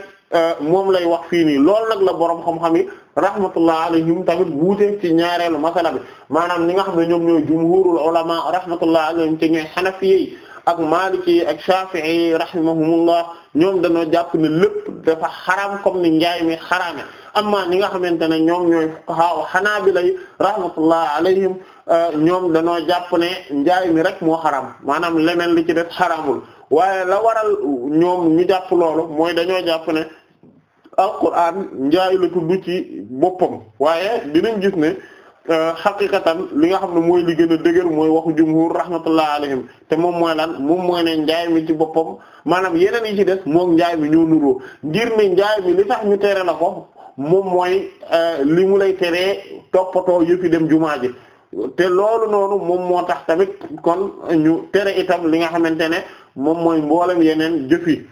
moom lay wax fii nii loolu nag la borom xam-xam yi rahmatullah alayhim tamit wuute ci ñaareelu masala maanaam ñi nga xam ne ñoom ñooy jumhurul ulama rahmatullah alayhim ci ñooy xanafiyyi ak Maliki ak Shafi'i rahimahumullah ñoom dañoo jàpp ne lépp dafa xaraam comme ni njaay mi xaraame amma ñi nga xamante ne ñoom ñooy fuqaha Hanabila yi rahmatullah alayhim euh, ñoom dañoo jàpp ne njaay mi rek moo xaram maanaam leneen li ci def xaraamul waaye la waral ñoom ñu jàpp loolu mooy dañoo jàpp ne alquran njaay la tudd ci boppam waaye dinañ gis ne Euh, xaqiqatan li nga xam ne mooy li gën a dëgër mooy waxu jumhur rahmatullah alayhim te moom mooy lan moom mooy ne njaay mi ci boppam maanaam yeneen yi ci des moom njaay mi ñoo nuroo ngir ne njaay mi li tax ñu tere la ko moom mooy euh, li mu lay teree toppatoo yëfi dem jumaa ji te loolu noonu moom moo tax tamit kon ñu tere itam li nga xamante ne moom mooy mboolem yeneen jëfi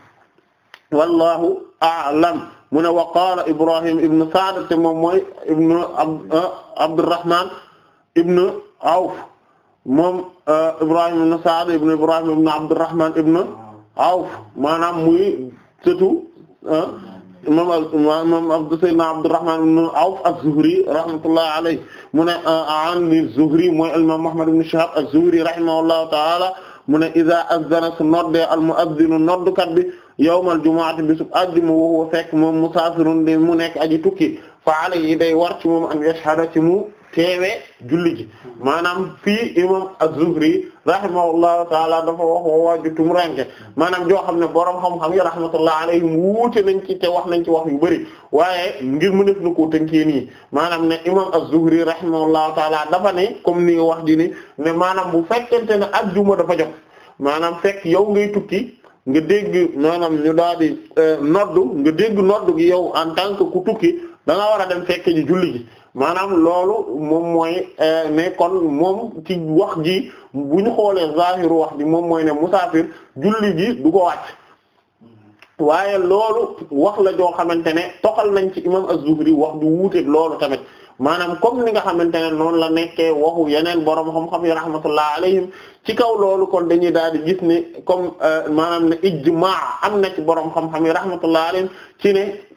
wallahu a'lam mu ne wa qaala Ibrahim ibn Sa'd te moom mooy ibn ah, Abdurrahman ibn Awf moom ah, Ibrahim ibn Sa'd ibn Ibrahim ibn Abdurrahman ibn Awf maanaam muy sëtu ah, moom Abdu Sayyidina Abdurrahman ibn Awf az-Zuhri rahmatullahi alayhi mu ne an az-Zuhri mooy al-Imam Muhammad ibn Shihab az-Zuhri rahimahullahu ta'ala mu ne iza azzana su noddee al-mu'azzinu noddukat bi yawmal jumu'ati bisub àjjuma wa huwa fekk moom musaafirun di mu nekk aji tukki fa alayhi day war ci moom an yashhada ci mu teewe julli ji maanaam fii imam az-Zuhri rahimahullahu taala dafa wax wa waajutum ranke maanaam joo xam ne borom xam-xam yi rahmatullah alayhim wuute nañ ci te wax nañ ci wax yu bëri waaye ngir mu def na koo tënkee nii maanaam ne imam az-Zuhri rahimahullahu taala dafa ne comme ni wax ji ni ne maanaam bu fekkente ne ajjuma dafa jot maanaam fekk yow ngay tukki nga dégg maanaam ñu daal di euh, noddu nga dégg noddu gi yow en tant que ku tukki da nga war a dem fekk ji julli gi maanaam loolu moom mooy ne euh, kon moom ci wax gi bu ñu xoolee zahiru wax ji moom mooy ne musaafir julli gi du ko wàcc waaye loolu wax la joo xamante ne toqal nañ ci imam az-Zuhri wax ju wuuteeg loolu tamit maanaam comme ni nga xamante ne noonu la nekkee waxu yeneen borom xam-xam yi rahmatullah alayhim ci kaw loolu kon dañuy daal di gis ne comme euh, maanaam ne ijmaa am na ci borom xam-xam yi rahmatullah alayhim ci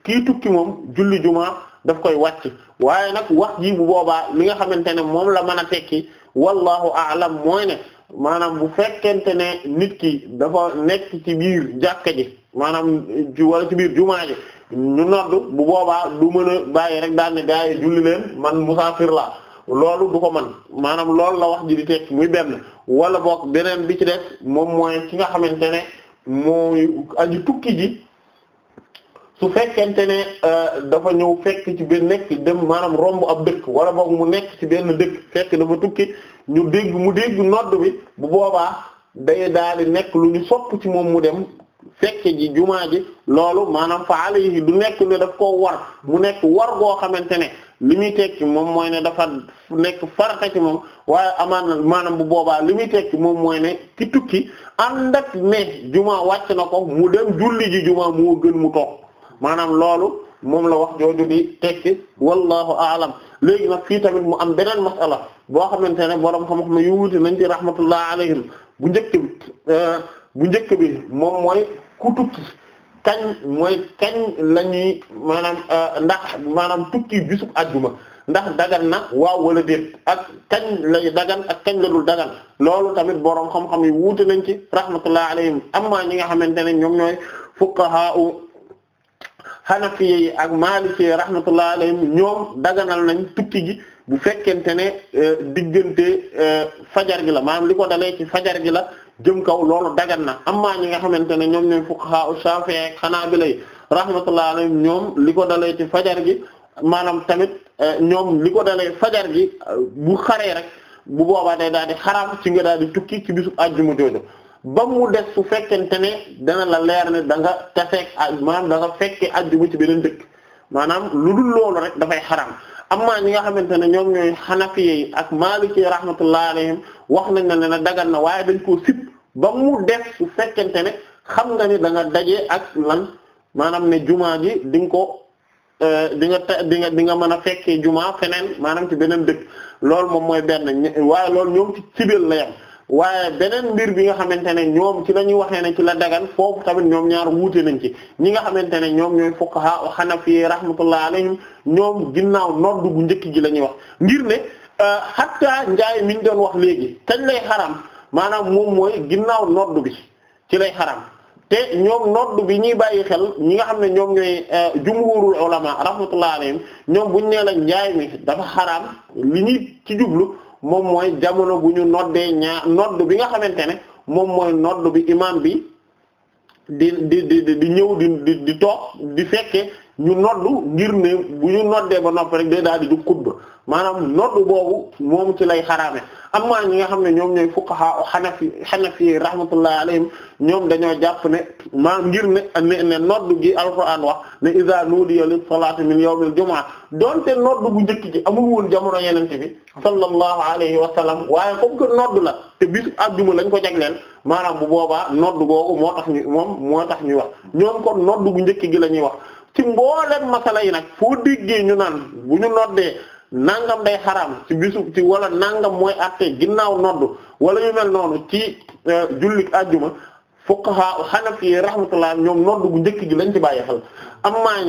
kii tukki moom julli jumaa daf koy wàcc waaye nag wax ji bu boobaa li nga xamante ne moom la mën a tekki wallahu a'lam mooy ne maanaam bu fekkente ne nit ki dafa nekk ci biir jàkka ji maanaam wala ci biir jumaa ji ñu noddu bu boobaa du mën bàyyi rek daal ne gaa yi julli leen man musaafir la loolu du ko man maanaam lool la wax ji di tekk muy benn wala boog beneen bi ci des moom mooy ki nga xamante ne mooy aji tukki ji su fekkente ne euh, dafa ñëw fekk ci benn nekk dem maanaam romb ab dëkk wala boog mu nekk ci benn dëkk fekk dafa tukki ñu dégg mu dégg nodd bi bu boobaa day daal nekk lu ñu sopp ci moom mu dem fekke ji jumaa ji loolu maanaam fa alayhi du nekk ne daf koo war mu nekk war goo xamante ne li muy tekki moom mooy ne dafa nekk farata ci moom waaye amaana maanaam bu boobaa li muy tekki moom mooy ne ki tukki ànd ak ne juma wàcc na ko mu dem julli ji juma mu gën mu toog maanaam loolu moom la wax jooju di tekki wallahu aalam léegi nag fii tamit mu am beneen masala boo xamante ne borom xam-xam yu wuute nañ ci rahmatullah alayhim bu njëkk euh, bu njëkk bi moom mooy ku tukki kañ mooy kañ la ñuy maanaam euh, ndax maanaam tukki bisub ajjuma ndax dagan na waaw wala déet ak kañ lay dagan ak kañ la dul dagan loolu tamit boroom xam-xam yi wuute nañ ci rahmatullah alayhim amma ñi nga xamante ne ñoom ñooy fuqaha hanafi yi ak maliki yi rahmatullah alayhim ñoom daganal nañ tukki gi bu fekkente ne euh, diggante euh, fajar gi la maanaam li ko dalee ki fajar gi la jëm kaw loolu dagan na amma ñi nga xamante ne ñoom ñooy fuqaha Shafi'i ak Hanabila rahmatullahi alayhim ñoom li ko dalee ci fajar gi maanaam tamit eh, ñoom li ko dalee fajar gi eh, bu xaree rek bu boobaa day daal di xaraam ci nga daal di tukki ci bisub àjjuma jooju ba mu des su fekkente ne dana la leer ne da nga tafeek maanaam da nga fekke àjjuma ci beneen dëkk maanaam lu dul loolu rek dafay xaraam amma ñi nga xamante ne ñoom ñooy xanafi yi ak maliki rahmatullah alayhim wax nañ ne ne dagan na waaye dañ koo sip ba mu def su fekkente ne xam nga ni da nga dajee ak lan maanaam ne jumaa gi di nga ko euh, di nga ta di nga di nga mën a fekkee jumaa feneen maanaam ci beneen dëkk loolu moom mooy benn waaye loolu ñoom ci cibel layam waaye beneen mbir bi nga xamante ne ñoom ci la ñuy waxee nañ ci la dagan foofu tamit ñoom ñaar wuute nañ ci ñi nga xamante ne ñoom ñooy fuqaha wa hanafi rahmatullah alayhim ñoom ginnaaw noddu gu njëkk gi la ñuy wax ngir ne euh, hatta njaay mi ñu doon wax léegi kañ lay xaram maanaam moom mooy ginnaaw noddu bi ci lay xaram te ñoom noddu bi ñuy bàyyi xel ñi nga xam ne ñoom ñooy euh, jumhurul ulama ñoom buñ nee la njaay dafa xaram li ñuy ci jublu moom mooy jamono bu ñu noddee ñaar nodd bi nga xamante ne moom mooy nodd bi imam bi di di di ñëw di di di toog di fekke ñu noddu ngir ne bu ñu noddee ba nopp rek day daal di jug xutba maanaam noddu boobu moom ci lay xaraame amma ñi nga xam ne ñoom ñooy fuqaha xanafi xanafi rahmatullahi alayhim ñoom dañoo jàpp ne maa ngir ne ne ne nodd gi alquran wax ne iza nudiya lis salati min yawmil jumaa donte njëkk ji amul woon jamono yenente bi sallallahu waaye comme que nodd la te bisu àjjuma lañ ko jagleel maanaam bu boobaa nodd googu moo ñuy wax ñoom kon nodd njëkk gi la ñuy wax ci mbooleem masala yi nag foo déggee ñu naan bu ñu noddee nangam day xaram ci bisu ci wala nangam mooy atte ginnaaw noddu wala yu mel noonu ci euh, jullik ajjuma fuqaha xanafi yi rahmatullah ñoom nodd bu njëkk gi lañ ci bàyyi xel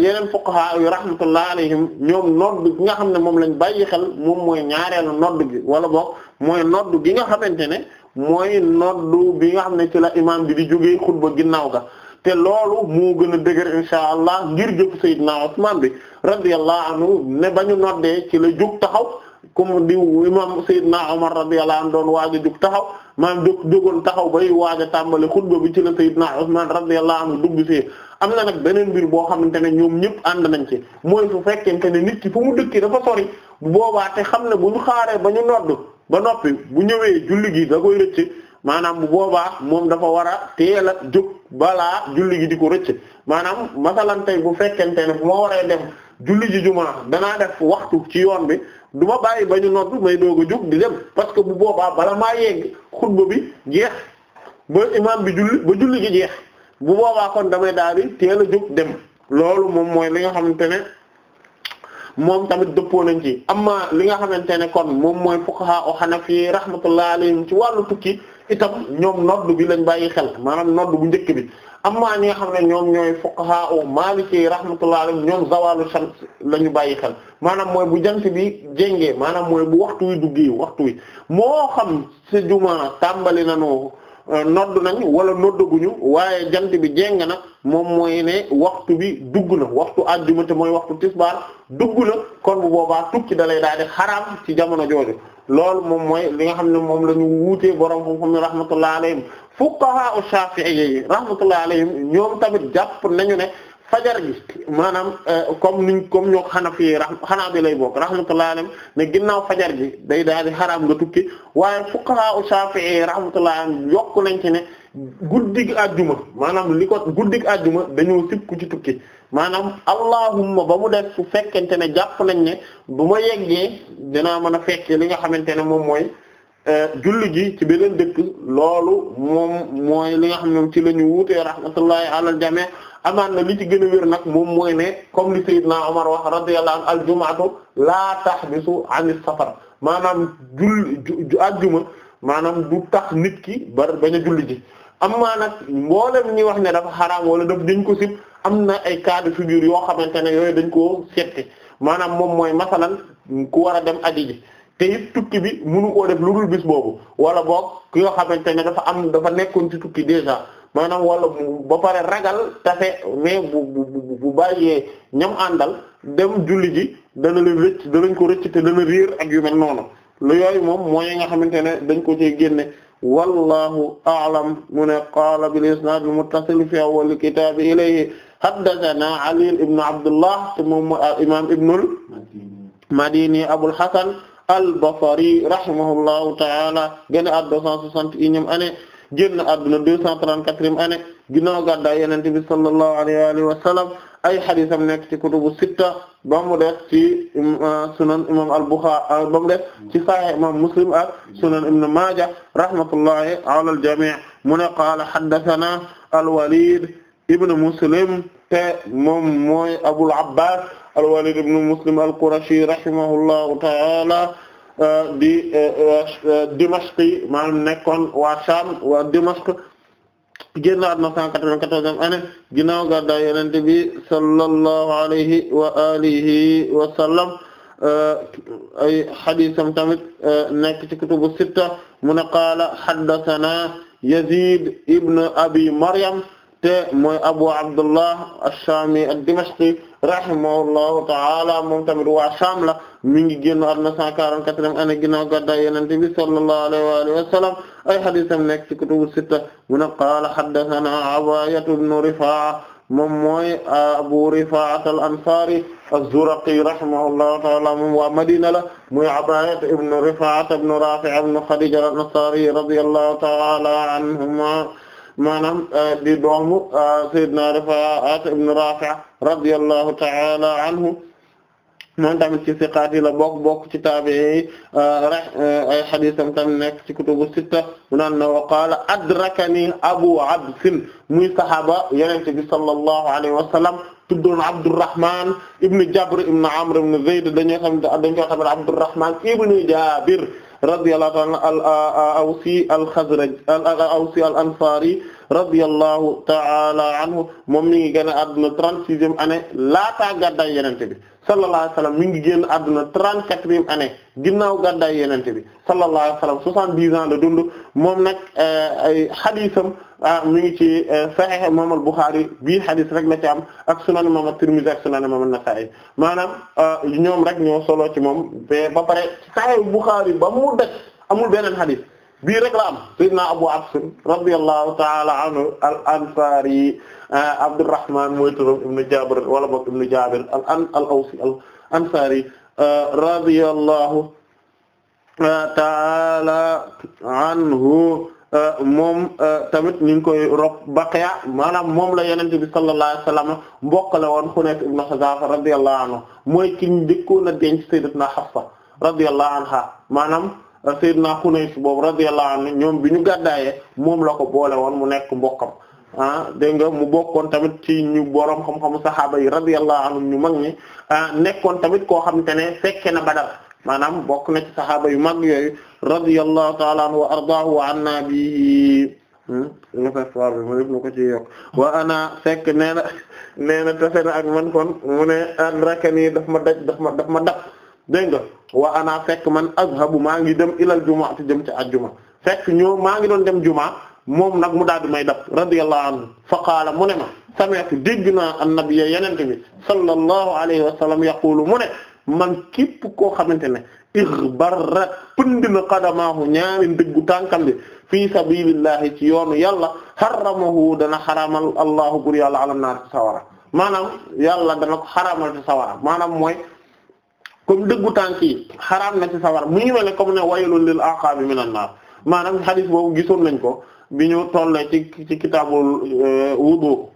yeneen fuqaha yi rahmatullah alayhim ñoom nodd gi nga xam ne moom lañ bàyyi xel moom mooy ñaareelu nodd gi wala boog mooy nodd gi nga xamante ne mooy nodd bi nga xam ne ci la imam bi di jógee xutba ginnaaw ga te loolu moo gën a dëgër insha allah ngir jëf Seydina Usmaan bi radiyallahu anhu ne ba ñu noddee ci la jóg taxaw comme di imam Seydina Omar radiyallahu anhu doon waaj a jóg taxaw maanaam jóg jógoon taxaw bay waaj a tàmbali xutba bi ci la Seydina Usmaan radiyallahu anhu dugg ci am na nag beneen mbir boo xamante ne ñoom ñëpp ànd nañ ci mooy su fekkente ne nit ki fu mu dëkki dafa sori boobaa te xam ne bu ñu xaaree ba ñu nodd ba noppi bu ñëwee julli gi da maanaam bu boobaa moom dafa war a teel a jóg balaa julli gi di ko rëcc maanaam masalan tey bu fekkente ne bu ma waree dem julli ji jumaa danaa def waxtu ci yoon bi du ma bàyyi ba ñu noddu may doog a jóg di dem parce que bu boobaa bala maa yegg xutba bi jeex ba bi julli ba julli gi jeex bu boobaa damay daal di teel a jóg dem loolu moom mooy li nga xamante moom tamit dëppoo nañ ci amma li nga xamante ne kon moom mooy fuqaha o Hanafi rahmatullah alayhim ci wàllu tukki itam ñoom nodd bi lañ bàyyi xel maanaam nodd bu njëkk bi amma ñi nga xam ne ñoom ñooy fuqaha u maliki rahmatullahi alayhim ñoom zawalu shams la ñu bàyyi xel maanaam mooy bu jant bi jéngee maanaam mooy bu waxtu wi duggee waxtu wi moo xam sa juma tàmbali nañu Euh, nodd nañ wala noddaguñu waaye jant bi jeng na moom mooy ne waxtu bi dugg na waxtu àjjuma te mooy waxtu tisbaar dugg na kon bu boobaa tukki dalay daal di xaraam ci jamono jooju loolu moom mooy li nga xam ne moom la ñu wuutee borom xam-xam yi rahmatullah alayhim fuqaha u shafi'i yi rahmatullah alayhim ñoom tamit jàpp nañu ne fajar gi maanaam euh, comme niñ comme ñoo xanafi xanaa bi lay bokk rahmatullahi alayhim ne ginnaaw fajar gi day daal xaraam nga tukki waaye fuqaha u Shafi'i rahmatullahi alayhim yokk nañ ci ne guddig àjjuma maanaam li ko guddig àjjuma dañoo sib ku ci tukki maanaam allahumma ba mu def su fekkente ne jàpp nañ ne bu ma yeggee danaa mën a fekkee li nga xamante ne moom mooy euh, julli gi ci beneen dëkk loolu moom mooy li nga xam ne ci la ñu wuutee rahmatullahi alal jami' amaan na li ci gën a wér nag moom mooy ne comme li Seydina Omar wax radiyallahu anhu aljumaatu laa tahbisu anis safar maanaam julli ajjuma maanaam du tax nit ki ba bañ a julli ji amaa nag mboolem ñi wax ne dafa xaraam wala daf dañ ko am na ay cas de yoo xamante ne yooyu dañ koo setti maanaam moom mooy masalan ku war a dem aji ji te tukki bi mënu koo def lu dul bis boobu wala boog ki nga xamante ne dafa am dafa nekkoon ci tukki déjà maanaam wala ba pare ragal tafe mais bu bu bu bàyyee ñam àndal dem julli ji dana leen rëcc danañ ko rëcc te dana réer ak yu mel lu yooyu moom mooy nga xamante ne dañ ko ci génne wallahu a'lam mu ne qaala bil isnaad al muttasil fi awwal kitaab ilayhi haddathana ali ibn abdullah te moom imam ibnul madini abul hasan al basri rahimahullahu ta'ala gën a at 261 année génn àdduna deux cent trente-quatrième année ginnaaw gàddaay Yonent bi sallallahu alayhi wa sallam ay xadisam nekk ci kutubu sitta ba mu def ci um, uh, sunan imam al-Bukhari uh, ba mu def ci Sahih imam Muslim ak sunan ibn Maaja rahmatullahi ala al-jami' mu ne qaala haddathana al-Walid ibn Muslim te moom mooy Abul Abbas al-Walid ibn Muslim al-Qurashi rahimahullahu ta'ala Euh, di euh, euh, Dimashqi maanaam nekkoon waa Sham waa Dimashq génn àdduna 194e année ginnaaw gàddaay Yonent bi sallallahu alayhi wa alihi wa sallam ay hadiisam tamit nekk ci kutubu sitta mu ne qaala haddathana Yazid ibn Abi Maryam te mooy Abu Abdullah Ash-Shami ad-Dimashqi rahimahullahu ta'ala moom tamit waa Sham la mi ngi génn àdduna 144 ane ginnaaw gàddaay Yonent bi sallallahu alayhi wa alihi wa sallam ay hadiisam nekk ci kutubu sitta mu ne qaala haddathanaa Abaayatu ibn Rifaa'a moom mooy Abu Rifaa'a al-Ansaari az-Zuraqi rahimahullahu ta'ala moom waa Madina la mooy Abaayatu ibn Rifaa'a ibn Raafi' ibn Khadija an-Nasaari radiyallahu ta'ala anhumaa maanaam euh, di doomu euh, Seydina Rifaa'a ibn Raafi' radiyallahu ta'ala anhu moom tamit ci siqaat yi la bokk bokk ci taabi'i euh, rek ay xadiisam tam nekk ci kutubu sitta mu naan na wa qaala adrakani abu absin muy saxaaba yonent bi sallallahu alayhi wa sallam tuddoon Abdurrahman ibn Jabr ibn Amr ibn Zayd dañoo xam dañ koy xamal Abdurrahman ibn Jaabir radiyallahu ta'ala al-Awsi al-Khazraj al-Awsi al-Ansari radiyallahu ta'ala anhu moom mi ngi gën a adduna 36e année laataa gàddaay Yonent bi sallallahu alayhi wa sallam mi ngi génn àdduna trente-quatrième année ginnaaw gàddaay yenente bi sallallahu alayhi wa sallam soixante-dix ans la dund moom nag euh, ay xadiisam ah, mi ngi ci euh, Sahih imam al-Bukhari bii xadis rek la ci am ak sunan imam at-Tirmidhi ak sunan imam an-Nasa'i maanaam euh, ñoom rek ñoo solo ci moom ba pare Sahih Bukhari ba mu def amul beneen xadis bii rek la am sayyidina Abu Abs radiyallahu ta'ala anhu al ansari eh, Abdurrahman mooy turam ibnu Jabir wala boog ibnu Jabir al an al awsi al ansari eh, radiyallahu eh, ta'ala anhu moom tamit ñu ngi koy rob Baqiya maanaam moom la Yonent bi sallallahu alayhi wa sallam mbokk la woon Hunayf ibn Khuzafa radiyallahu anhu mooy ki njëkkoon a denc sayyidatuna Hafsa radiyallahu anha maanaam Seydina Xunays boobu radiyallahu anhu ñoom bi ñu gàddaayee moom la ko boole woon mu nekk mbokkam ah dégg nga mu bokkoon tamit ci ñu borom xam-xamu saxaaba yi radiyallahu anhum ñu mag ñi ah nekkoon tamit koo xamante ne fekke na Badar maanaam bokk na ci saxaaba yu mag yooyu radiyallahu ta'ala anhu wa ardaahu wa anna bi hmm, nga fay soir bi ma ko ci yokk wa fekk nee na nee na tafe na ak man kon mu ne an daf ma da daf ma daf ma dab dégg nga wa ana fekk man azhabu maa ngi dem ilal juma te jëm ci ajjuma fekk ñoo maa ngi doon dem jumaa moom nag mu daal di may dab radiyallahu anhu fa qaala mu ne ma sami'tu dégg naa annabiyya yenente bi sallallahu alayhi wa sallam yaqulu mu ne man képp koo xamante ne ighbarrat pënd na qadamaahu ñaari ndëggu tànkam bi fii sabilillahi ci yoonu yàlla haramahu dana xaramal allahu bur yàlla alam naar sawara maanaam yàlla dana ko xaramal ci mooy comme dëggu tànk yi xaraam na ci sawar mu ngi mel ne comme ne waylun lil aqaabi minan naar maanaam xadis boobu gisoon nañ ko bi ñu tollee ci ci kitaabul euh, wudu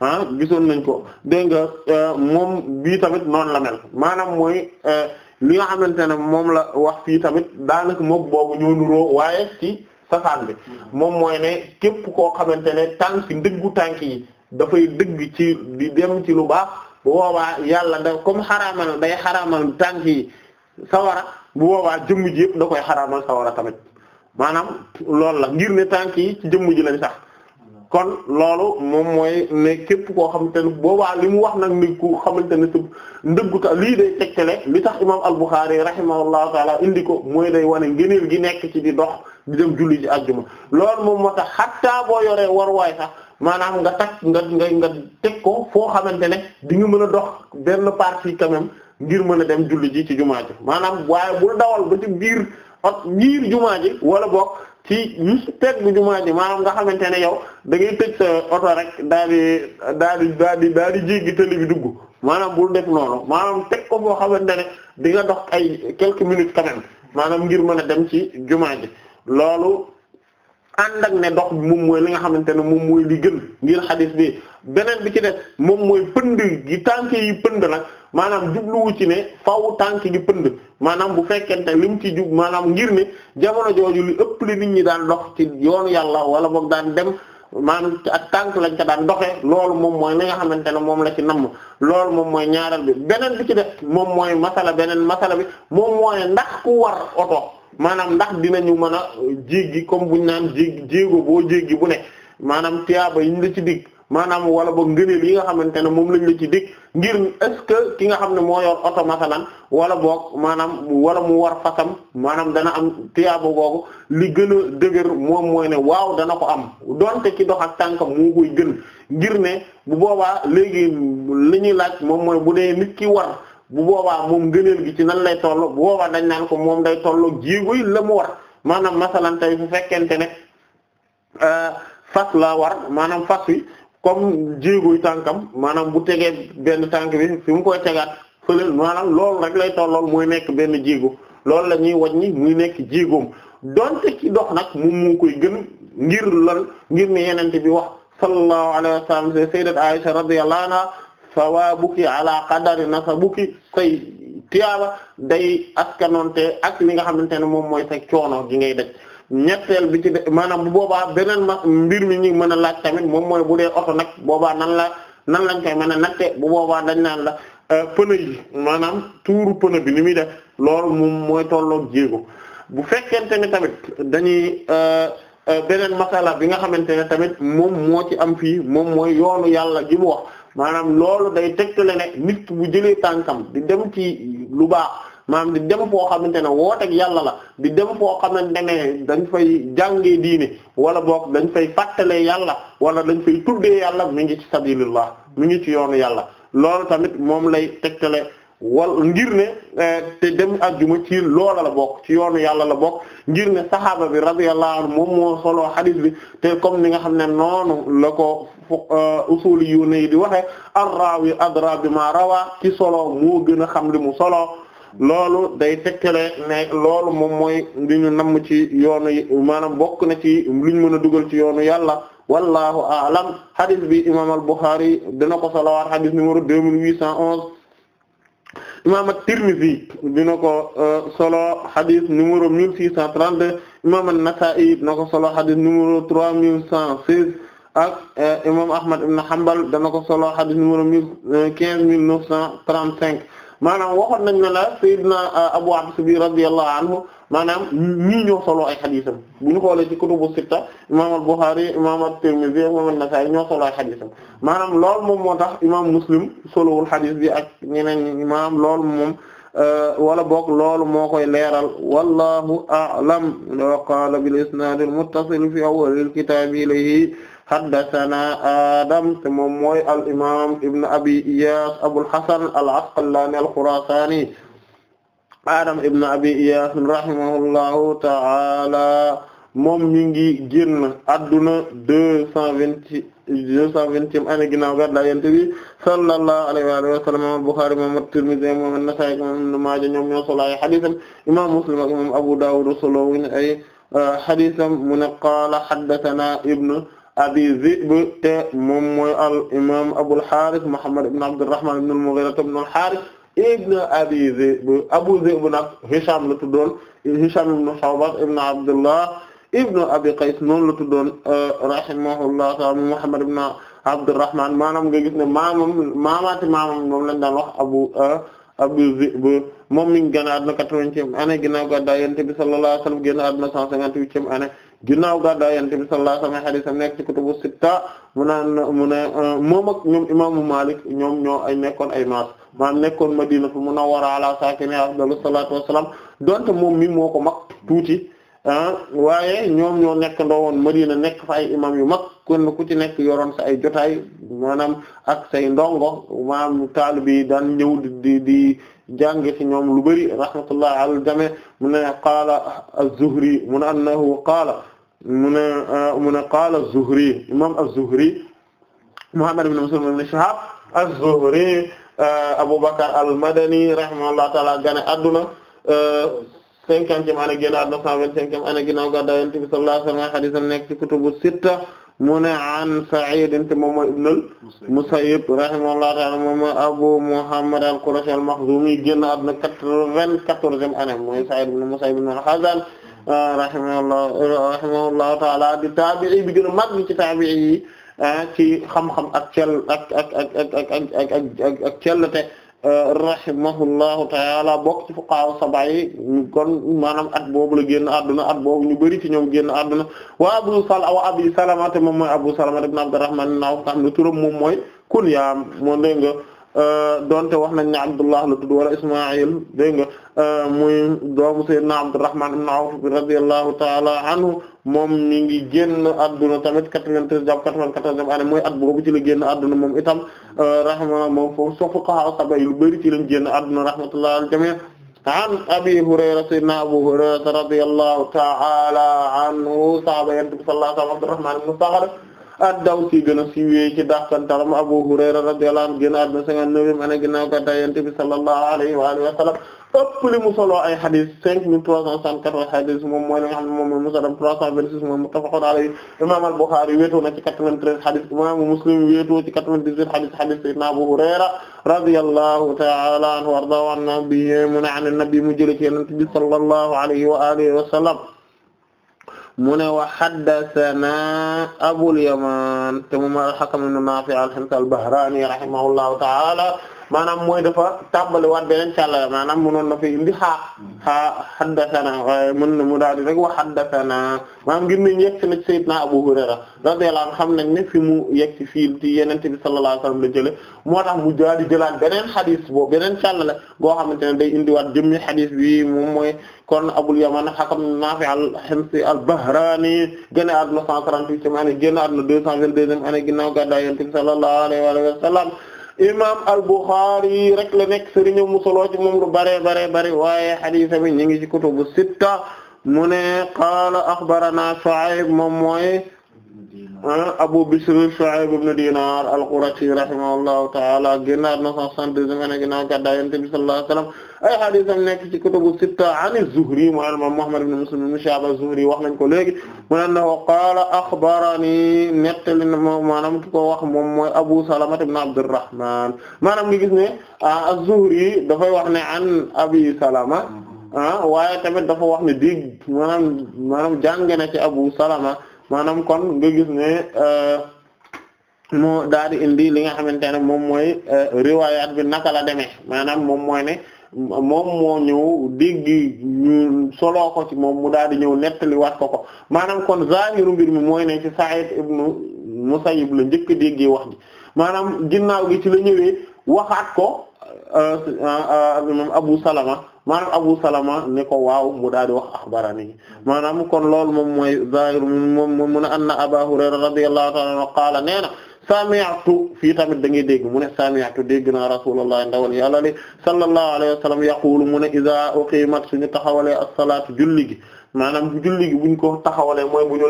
ah gisoon nañ ko dégg nga euh, moom bii tamit noonu la mel maanaam mooy euh, li nga xamante ne moom la wax fii tamit daanaka mook boobu ñoo nuroo waaye ci sasaan bi moom mooy ne képp koo xamante ne tànk dëggu tànk yi dafay dëgg ci dem ci lu baax bu boobaa yàlla da comme xaraamal day xaraamal tànk yi sawara bu boobaa jëmm ji yëpp da koy xaraamal sawara tamit maanaam loolu la ngir ne tànk yi ci jëmm ji lañ sax kon loolu moom mooy ne képp koo xamante ne boobaa li mu wax nag ni ku xamante ne su ndëggu ta lii day tegtale li tax imam al-Bukhari rahimahullahu taala indi ko mooy day wane ngëneel gi nekk ci di dox di dem julli ji àjjuma loolu moom moo tax xattaa boo yoree war waay sax maanaam nga takk nga nga nga teg ko foo xamante ne di nga mën a dox benn partie quand même ngir mën a dem julli ji ci jumaa ji maanaam waaye bul dawal ba ci biir ak biir jumaa ji wala bokk ci ñu teg bu jumaa ji maanaam nga xamante ne yow da ngay tëj sa oto rek daal di daal di daal di daal di jéggi tëli bi dugg maanaam bul def noonu maanaam teg ko foo xamante ne di nga dox ay quelques minutes quand maanaam ngir mën a dem ci jumaa ji loolu ànd ak ne dox moom mooy li nga xamante ne moom mooy li gën ngir xadis bi beneen bi ci def moom mooy pënd gi tànk yi pënd nag maanaam jubluwu ci ne faw tànk gi pënd maanaam bu fekkente lim ci jub maanaam ngir ne jamono jooju li ëpp li nit daan dox ci yoonu yàlla wala boog daan dem maanaam ak tànk lañ ko daan loolu moom mooy li nga xamante ne moom la ci namm loolu moom mooy ñaareel bi beneen bi ci def moom mooy masala beneen masala bi moom mooy ndax ku war oto maanaam ndax dinañu mën a jéggi comme buñ naan jéggi jéego boo jéggi bu ne maanaam tiyaaba yiñ la ci dig maanaam wala ba ngëneel yi nga xamante ne moom lañ la ci dig ngir est ki nga xam ne moo yor oto masalan wala boog maanaam wala mu war fasam maanaam dana am tiyaaba boobu li gën a dëgër moom mooy ne waaw dana ko am donte ki dox ak tànkam moo koy gën ngir ne bu boobaa léegi li ñuy laaj moom mooy bu dee nit ki war bu boobaa moom ngëneel gi ci nan lay toll bu boobaa dañ naan ko moom day tollook jéego yi la war maanaam masalan tey su fekkente ne euh, fas la war maanaam fas wi comme jéego tànkam maanaam bu tegee benn tànk bi fi mu koy tegaat fële maanaam loolu rek lay tollook muy nekk benn jéego loolu la ñuy wàññi muy nekk jéegoom donte ci dox nag moom mu koy gën ngir lan ngir ne yenente bi wax sallallahu alayhi wa sallam sayyidat Aisha sawaabuki ala qadari nasabuki say tiyaaba day askanoonte ak li nga xamante ne moom mooy sa gi ngay def ñetteel bi ci maanaam bu boobaa beneen ma mbir mi ñu mën a laaj tamit moom mooy bu dee oto nag boobaa nan la nan lañ koy mën nag natte bu boobaa dañ naan la euh, pneu yi maanaam tuuru pneu bi ni muy def loolu moom mooy tollook jéego bu fekkente ne tamit dañuy euh, euh, beneen masala bi nga xamante ne tamit moom moo ci am fii moom mooy yoonu yàlla gi maanaam loolu day tegtale ne nit bu jëlee tànkam di dem ci lu baax maam di dem foo xamante ne woo wooteeg yàlla la di dem foo xamante ne dañ fay jàngee diine wala book dañ fay fàttalee yàlla wala dañ fay tuddee yàlla mu ngi ci sabilillah mi ngi ci yoon yàlla loolu tamit moom lay tegtale. wal ngir ne eh, te dem ajjuma ci loola la bokk ci yoonu yàlla la bokk ngir ne saxaaba bi radiyallahu anhu moom moo solo xadis bi te comme ni nga xam ne noonu la ko eh, usuli yu ne di waxe ar-rawi adra bima rawa ki solo moo gën a xam li mu solo loolu day tekkale ne loolu moom mooy li ñu namm ci yoonu maanaam bokk na ci lu ñu mën a dugal ci yoonu yàlla wallahu a'lam hadith bi imam al-Bukhari dina ko solowaat hadith numéro deux mille huit cent onze imam at-Tirmidhi dina ko euh, solo hadith numéro 1632 imam an-Nasa'i dina ko solo hadith numéro 3116 ak euh, imam Ahmad ibn Hanbal dana ko solo hadith numéro 15935 maanaam waxoon nañ ne la Seydina euh, Abu Abs bi radiyallahu anhu maanaam ñii ñoo solo ay xadisam bu ñu xoolee ci kutubu sitta imaam al-Bukhari imaam at-Tirmidhi imaam an-Nasa'i ñoo solo ay xadisam maanaam loolu moom moo tax imaam Muslim solowul xadis bi ak ñeneen imaam lool moom euh, wala boog loolu moo koy leeral wallahu a'lam wa qala bil isnad al-muttasil fi awwal al-kitab haddathana Adam te moom mooy al imaam Ibn Abi Iyas Abul Hasan al Asqalani al Khurasani Adam Ibn Abi Iyas rahimahullahu ta'ala moom mi ngi génn adduna deux cent vingt deux cent vingtième année ginnaaw gàddaay Yonent bi sallallahu alayhi wa sallam imaam Bukhari imaam At-Tirmidhi imaam An-Nasa'i imaam Ibn Maaja ñoom ñoo solo ay hadiisam imaam Muslim ak imaam Abu Dawud solo wuñu ay hadiisam ah, mu ne qaala haddathana Ibn abi Zib te moom mooy al imaam Abul Haaris Muhammad ibn Abdurrahman ibn al-Mughira ibn al-Haaris ibn abi Zib Abu Zib nag Hisham la tuddoon Hisham ibn Shu'ba ibn Abdullah ibn abi Qays noonu la tuddoon euh, rahimahullahu ta'ala Muhammad ibn Abdurrahman maanaam nga gis ne maamam maamaati maamam moom lañ daan wax abu euh, abu Zib moom mi ngi génn àdduna 80 année ginnaaw gàddaay Yonent bi sallallahu alayhi ginnaaw gàddaa yonent bi a alayhi wa sallam hadith am nekk ci kutubu sitta mu naan mu ne euh, moom ak ñoom imaamu Malik ñoom ñoo ay nekkoon ay maas maanaam nekkoon Madinatu Munawwara ala saakinihaa afdalu salaatu wa salaam donte moom mi moo ko mag tuuti. Ah, waaye ñoom ñoo nekk ndoo woon Madina nekk fa imam yu mag kenn ku ci nekk yoron sa ay jotaay maanaam ak say ndongo maanaam taalibe yi daan ñëw di di jàng ci ñoom lu bari rahmatullah alal jami mu ne qaala az mu ne annahu qaala mu ne ah, mu ne qaala az-Zuhri imam az-Zuhri Muhammad ibn Muslim ibn Shihab az-Zuhri ah, Abu Bakr ta'ala gane adduna cinquantième année ginnaaw neuf cent vingt-cinquième année ginnaaw gàddaay Yonent bi sallallahu alayhi wa sallam hadiisam nekk ci kutubu sitta mu an Sa'id moom mooy ibn al-Musayyib rahimahullahu ta'ala moom mooy Abu Muhammad al-Qurashi al-Makhzumi génn àdduna quatre vingt mooy Sa'id ibn al ibn al-Hazan rahimahullahu ta'ala di taabi'i bi gën a mag ci taabi'i yi ci xam-xam ak cell ak ak rahimahullahu taala bokk ci fuqaha sab'a yi kon maanaam at boobu la génn adduna at boobu ñu bëri ci ñoom génn adduna wa abu sal wa abi salama te moom mooy abu salama na abdurrahman naaw nga xam ne turam moom mooy kunyaam moo dégg nga Euh, donte wax nañ ne Abdullah la tudd wala Isma'il dégg nga euh, muy doomu Sayyidina Abdurrahman ibn Awf radiyallahu ta'ala anhu moom mi ngi génn adduna tamit 93 jàpp 94 année mooy at boobu ci la génn adduna moom itam euh, rahma moom foofu soo fuqaha saba yi lu bëri ci lañ génn adduna rahmatullahi al jami' an Abi Hurayra Sayyidina Abu Hurayra radiyallahu ta'ala anhu sahaba yonent bi sallallahu alayhi wa sallam ad-Dawsi gën a siiwee ci dàqantalam Abu Hurayra radiyallahu anhu gën a adduna cinquante-neuvième année ginnaaw gàddaay Yonent bi sallallahu alayhi wa alihi wa sallam ëpp li mu solo ay xadis cinq mille trois cent soixante-quatre xadis moom mooy li nga xam ne moom mooy trois cent vingt moom muttafaqun alayhi imaam al-Bukhari wéetoo ci quatre-vingt-treize xadis Muslim wéetoo ci quatre huit xadis xadis Abu Hurayra radiyallahu ta'ala anhu warda an nabi mu ne an nabi mu jële ci Yonent bi sallallahu alayhi mu ne wa haddathana Abul Yaman te moom al-Hakam ibn Nafi' al-Himsi al-Bahrani rahimahullahu ta'ala maanaam mooy dafa tàmbali waat beneen càllala maanaam mënoon na fi indi xaa xaa xaddasana mën na mu daal di rek wax xaddasana maanaam ngir nañ yegg si na sayyidna Abu Hurayra radiyallahu anhu xam nañ ne fi mu yegg si fii ci yenente bi sallallahu alayhi wasallam la jële moo tax mu daal di jëlaat beneen xadis bo beneen càllale boo xamante ne day indi waat jëmmi xadis bi moom mooy kon Abul Yaman Hakam Nafi al-Himsi al-Bahrani génn àdduna 138 ane génn àdduna ane ginnaaw gàddaay yenente bi sallallahu alayhi wa imam al-Bukhari rek la nekk sëriñu musoloo ci moom lu bare bare bare waaye hadith bi ñu ngi ci kutubu sitta mu ne qaala akhbarana Shu'ayb moom mooy Abu Bisr Shu'ayb ibn Dinar al-Qurashi rahimahullahu ta'ala génnaat 962 an ginnaaw gàddaay Yonent bi sallallahu alayhi wa sallam ay hadiisam nekk ci kutubu sitta an az-Zuhri mu imam Muhammad ibn Muslim ibn Shihab az-Zuhri wax nañ ko léegi mu ne annahu qaala akhbarani nettali maanaam ki ko wax moom mooy Abu Salama ibn Abdurrahman maanaam nga gis ne ah, az-Zuhri dafay wax ne an Abi Salama ah, waaye tamit dafa wax ne dégg maanaam maanaam jàng na ci Abu Salama maanaam kon nga gis ne euh, mu daal di indi li nga xamante ne moom mooy euh, riwayat bi naka la demee maanaam moom mooy ne moom moo ñëw dégg ñu soloo ko ci moom mu daal di ñëw nettali waat ko ko maanaam kon zahiru mbir mi mooy ne ci Sa'id ibnu Musayyib la njëkk déggee wax ji maanaam ginnaaw gi ci la ñëwee waxaat ko euh, Abu Salama maanaam Abu Salama ne ko waaw mu daal di wax axbarani maanaam kon loolu moom mooy zahir moom moom mu ne anna Aba Hurayra radiyallahu ta'ala anhu qaala nee na sami'tu fii tamit da ngay dégg mu ne sami'tu dégg naa rasulullah ndawal yàlla li sallallahu alayhi wa sallam yaqulu mu ne iza uqimat suñu taxawalee as-salaatu julli gi maanaam bu julli ko taxawalee mooy bu ñu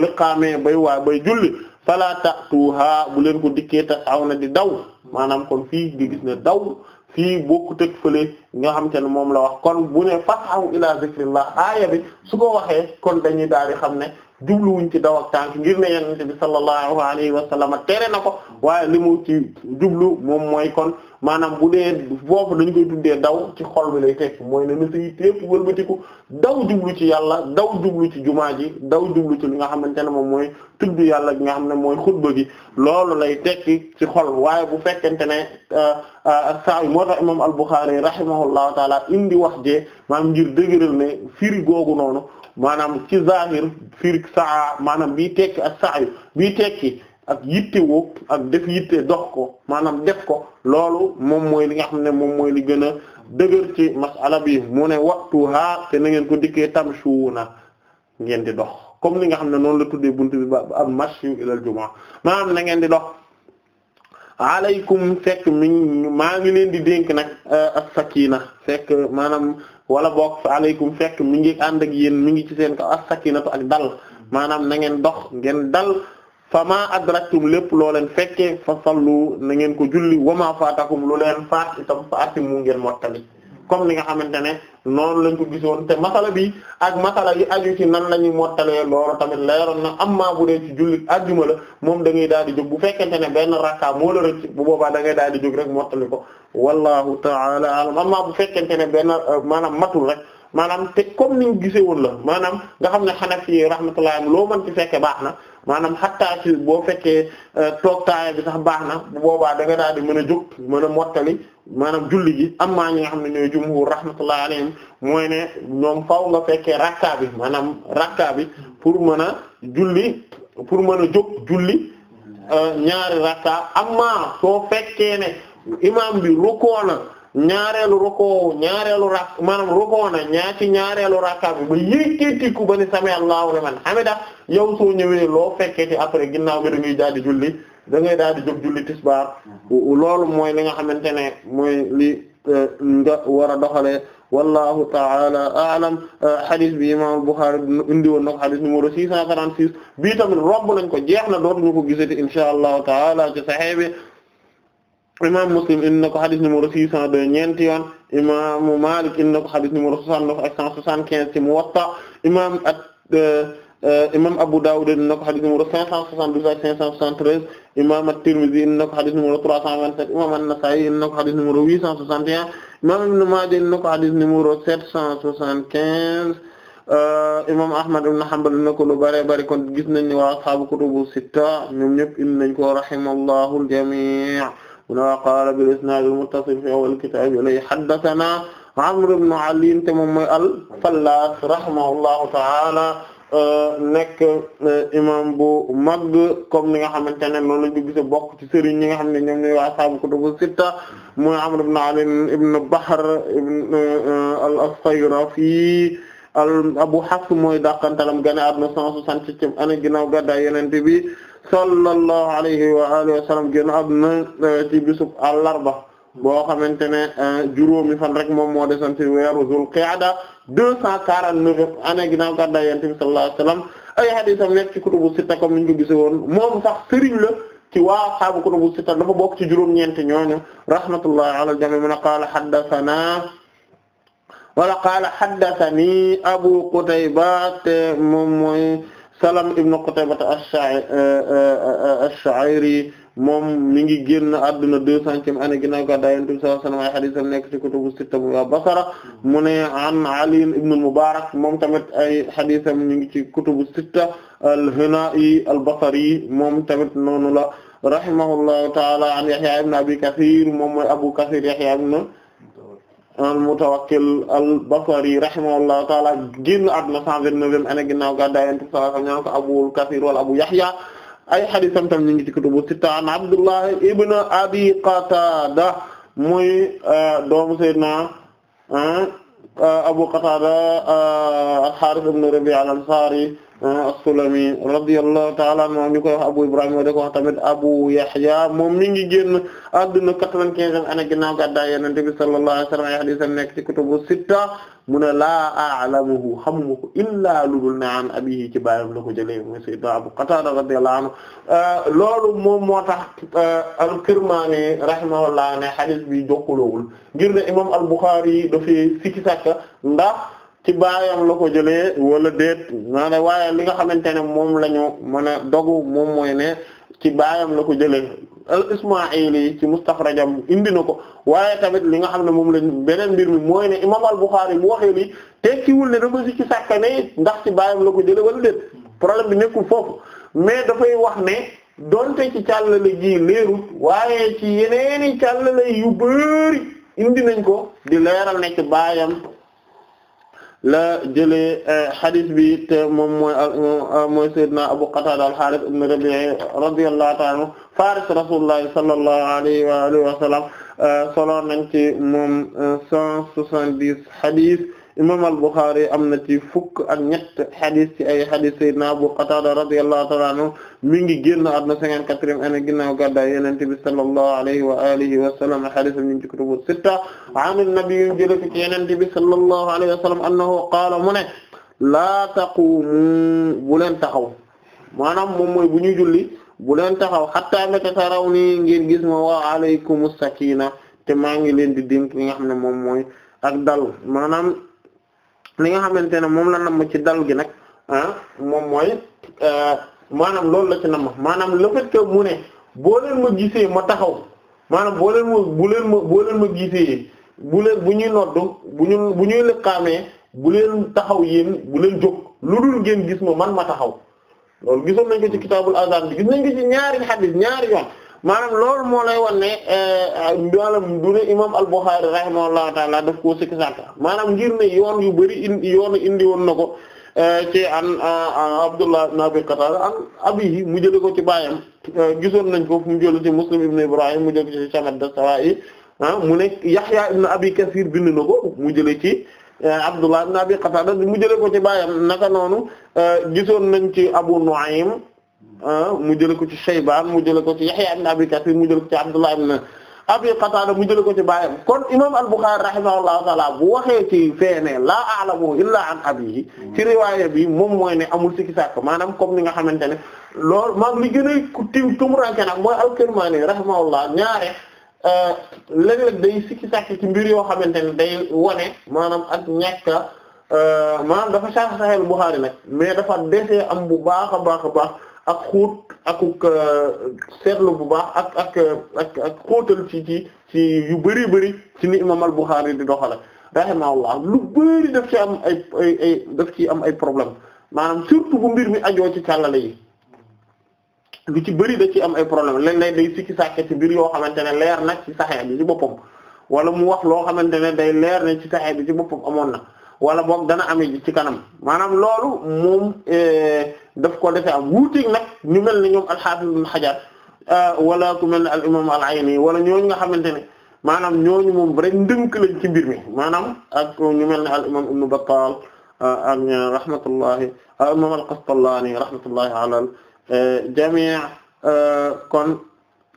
bay waa bay julli fala ta'tuha bu leen ko dikkee te na di daw maanaam kon fii nga gis ne daw fii bokk ak fële nga xam te ne moom la wax kon bu ne fasahu ila zikrillah aaya bi su ko waxee kon dañuy daal di xam ne jubluwuñ ci daw ak tànk ngir ne yenente bi sallallahu alayhi wa sallam tere na ko waaye li mu ci jublu moom mooy kon maanaam bu dee foofu dañ koy tuddee daw ci xol bi lay tekk mooy ne na sayi tépp wëlbatiku daw jublu ci yàlla daw jublu ci jumaa ji daw jublu ci li nga xamante ne moom mooy tudd yàlla gi nga xam ne mooy xutba gi loolu lay tekki ci xol waaye bu fekkente ne euh, euh, saa moo tax imam al rahimahullahu taala indi wax jee maam ngir dëgëral ne firi googu noonu maanaam ci zahir firi saa maanaam bii tekki ak saa yu bii tekki ak yitte woo ak def yitte dox ko maanaam def ko loolu moom mooy li nga xam ne moom mooy li gën a dëgër ci masala bi moo ne waxtu haa te na ngeen ko dikkee tamshuuna ngeen di dox comme li nga xam ne noonu la tuddee buntu bi ba am mashu ilal jumaa maanaam na ngeen di dox alaykum fekk mi maa ngi leen di dénk nag euh, as-sakina fekk maanaam wala boog alaykum fekk mi ngi ànd ak yéen mi ngi ci seen kaw as-sakinatu ak dal maanaam na ngeen dox ngeen dal fama adraktum lépp loo leen fekke fa sallu na ngeen ko julli wama faatakum lu leen fa itam faati mu ngeen mottali comme ni nga xamante ne noonu lañ ko gisoon te masala bi ak masala yi aju ci nan la ñuy mottalee loolu tamit leeroon na amma bu dee ci jullit moom da daal di jóg bu fekkente ne benn rakka moo la rëcc bu boobaa da ngay daal di jóg rek mottali ko wallahu ta'ala alam maa bu fekkente ne benn euh, maanaam matul rek maanaam te comme ni ñu gisee woon la maanaam nga xam ne Hanafi rahmatullah loo man ci fekke baax na maanaam xattaa ci boo fekkee euh, toog taaya bi sax baax na bu boobaa da nga daal di mën a jóg mën a mottali maanaam julli gi amma ñi nga xam ne ñooy jumhur rahmatullahi alayhim mooy ne ñoom faaw nga fekkee rakka bi maanaam rakka bi pour mën a julli pour mën a jóg julli euh, ñaari rakka amma soo fekkee ne imam bi rukkoo na ñaareelu rukkoo ñaareelu rakk maanaam rukkoo na ñaareelu rakka bi ba yékkeetiku ba ni sami Allahu liman hamida yow soo ñëwee loo fekkee après ginnaaw bi da ngay daldi julli da ngay daal di jóg julli mm-hmm. loolu mooy li nga xamante ne mooy li eh, nga war a doxalee wallahu taala alam eh, hadith bi imam Bukhari indi woon na ko hadith numéro 636 bii tamit romb lañ ko jeex na dootuñu ko gisati insha allahu taala ci Sahih bi imam Muslim indi na ko hadith numéro 602 ñeenti yoon imam Malik indi na ko hadith numéro 69 ak 175 ci Muwatta imam eh, Euh, imam Abu Dawud indi na ko xadis numéro 572 ak 573 imam At-Tirmidhi indi na ko xadis numéro 327 imam An-Nasa'i indi na ko xadis numéro 861 imam Ibn Majah indi na ko xadis numéro 775 euh, imam Ahmad ibn Hanbal indi na ko lu bare bare kon gis nañ ne waa ashaabu kutubu sitta ñoom ñëpp indi nañ ko rahimallahu al-jami' wa qala bil isnad al-muttasil fi awwal kitab ilay haddathana Amr ibn Ali te moom mooy al-Fallas rahimahullahu ta'ala Euh, nekk euh, imam bu mag comme ni nga xamante ne noonu lañ ko gise bokk ci sëriñ ñi nga xam ne ñoom ñooy waa saabu kutubu sitta mooy Amr ibn Ali ibn Bahr ibn euh, al-Sayrafi al Abu Hafs mooy dàqantalam gane adna cent soixante-septième année ginnaaw gàddaay Yonent bi sallallahu alayhi wa alihi wa sallam génn ci bisub àllarba boo xamante ne euh, juróomi fan rek moom moo de ci weeru Zul Qi'da deux cent quarante-neuf année ginnaaw gàddaay Yonent bi sallallahu alayhi wasallam ay hadiisam nekk ci kutubu sitta comme niñ ko gise woon moom sax sëriñ la ci waa xaabu kutubu sitta dafa bokk ci juróom-ñeenti ñooñu rahmatullahi ala al-jamii' man qaala haddathanaa wala qaala haddathanii Abu Qutayba te moom mooy Salam ibn Qutayba euh, euh, ash-Sha'iri moom mi ngi génn adduna deux centième année ginnaaw gàddaay Yonent bi sallallahu alayhi wa sallam ay nekk ci kutubu sitta bu Basra mu ne an Ali ibn al-Mubarak moom tamit ay hadisam ñu ngi ci kutubu sitta al-Hana'i al-Basri moom tamit noonu la rahimahullahu ta'ala an Yahya ibn Abi Kathir moom mooy Abu Kathir Yahya ibn al-Mutawakkil al-Basri rahimahullahu ta'ala génn adduna cent vingt-neuvième année ginnaaw gàddaay Yonent bi sallallahu alayhi wa sallam ñaan ko Abu Kathir wala Abu Yahya ay xadisam tam ñu ngi ci kutubu sitta an Abdullah ibn Abi Qatada muy euh, doomu Seydina euh, Abu Qatada euh, al-Harith ibn Rabi' al-Ansari as-Sulami radiyallahu ta'ala anhu ñu koy wax Abu Ibrahim moo de ko wax tamit Abu Yahya moom mi ngi génn adduna quatre-vingt-quinzième année ginnaaw gàddaay Yonent bi sallallahu alayhi wa sallam ay hadiisam nekk ci kutubu sitta mu ne laa a'lamuhu xamuma ko illaa lu dul ne an abihi ci baayam la ko jëlee mu sayyidina Abu Qatada radiyallahu anhu euh, loolu moom moo tax euh, al-Kirmaani rahimahullah ne hadiis bi jokkaloowul ngir ne imaam al-Bukhari dafay sikki sàkka ndax ci baayam la ko jëlee wala déet maanaam waaye li nga xamante ne moom la ñu mën a dogu moom mooy ne ci baayam la ko jëlee al Ismaa'ili ci mustaxrajam indi na ko waaye tamit li nga xam ne moom lañu beneen mbir mi mooy ne imaam al Buxaari mu waxee lii tekkiwul ne dafa si ci sàkka ndax ci baayam la ko jëlee wala déet problème bi nekkul foofu mais dafay wax ne donte ci càllale ji leerul waaye ci yeneeni càllale yu bari indi nañ ko di leeral ne ci baayam. la jëlee hadith eh, bi te moom mooy ah, ah, mooy sayyidina Abu Qatada al-Harith ibn Rabi'i radiyallahu ta'ala anhu faris Rasulullah sallallahu alayhi wa alihi wa sallam eh, solo nañ ci moom 170 eh, hadith. imam al-Bukhari am na ci fukk ak ñett xadis ci ay xadis sayyidina Abu Qatada radiyallahu ta'ala anhu mi ngi génn àdduna cinquante-quatrième année ginnaaw gàddaay Yonent bi sallallahu alayhi wa alihi wa sallam xadis am ñu ngi ci kutubu sitta an an-nabi jële ko ci Yonent bi sallallahu alayhi wa sallam annahu qaala mu ne laa taqumu bu leen taxaw maanaam moom mooy bu ñuy julli bu leen taxaw hatta meta taraw nii ngeen gis ma wa alaykumus sakina te maa ngi leen di dénk li nga xam ne moom mooy ak dal li nga xamante ne moom la namm ci dal gi nag ah moom mooy eh, maanaam loolu la ci ma maanaam la fait que mu ne boo leen ma gisee ma taxaw maanaam boo leen ma bu leen ma boo leen ma gisee bu leen bu ñuy noddu bu ñu bu ñuy lëkkaamee bu leen taxaw yéen bu leen jóg lu dul ngeen gis ma man ma taxaw loolu gisoon nañ ko ci kitaabul azan bi gis nañ ko ci ñaari xadis ñaari yoon maanaam loolu moo lay wan ne euh, euh, maanaam du ne imaam al-Bukhari rahimahullahu taala daf koo sikki sàkk maanaam ngir ne yoon yu bëri indi yoon indi woon na ko euh, ci an Abdullah ibn Abi Qatada an abihi mu jëlee ko ci baayam gisoon nañ ko mu jëlee ci Muslim ibn Ibrahim mu jëlee ci Samad as-Sawa'i ah mu ne Yahya ibn Abi Kathir bind na ko mu jëlee ci. Abdullah ibn Abi Qatada mu jëlee ko ci baayam naka noonu gisoon nañ ci Abu Nu'aym Ah, mu jële ko ci Shaybaan mu jële ko ci Yahya ibn Abi Kathir mu jële ko ci Abdullah ibn Abi Qatada mu jële ko ci baayam kon imam al-Bukhari rahimahullahu taala bu waxee ci feene laa a'lamu illa an abihi ci riwaaya bi moom mooy ne amul sikki sàkk maanaam comme ni nga xamante ne lool maam li gën a tiw tumuranke nag mooy al-Kirmani rahimahullah ñaare euh, léeg-léeg day sikki sàkk ci mbir yoo xamante ne day wone maanaam ak ñàkka euh, maanaam dafa sax Sahih nag mais dafa desee am bu baax a baax a baax ak xóot akuk euh, seetlu bu baax ak ak ak ak xóotal ci ci ci yu bëri bëri ci ni imam al-Bukhari di doxale rahimahullah lu bëri daf ci am ay ay ay daf am ay problème maanaam surtout bu mbir mi ajoo ci càllale yi lu ci bëri da ci am ay problème léeg lay day sikki sàkke ci mbir yoo xamante ne leer nag ci saxee bi ci boppam wala mu wax loo xamante ne day leer ne ci saxee bi ci boppam amoon na wala boog dana amee ci kanam maanaam loolu moom eh, daf ko defee am wuuteeg nag ñu mel ne ñoom al-Hafiz Ibn Hajar eh, wala ku mel ne al imam al-Ayni wala ñooñu nga xamante ne maanaam ñooñu moom rek ndënk lañ ci mbir mi maanaam ak ñu mel ne al imam Ibn Battal eh, ak rahmatullahi al imam al-Qastallaani rahmatullahi ala al-jami'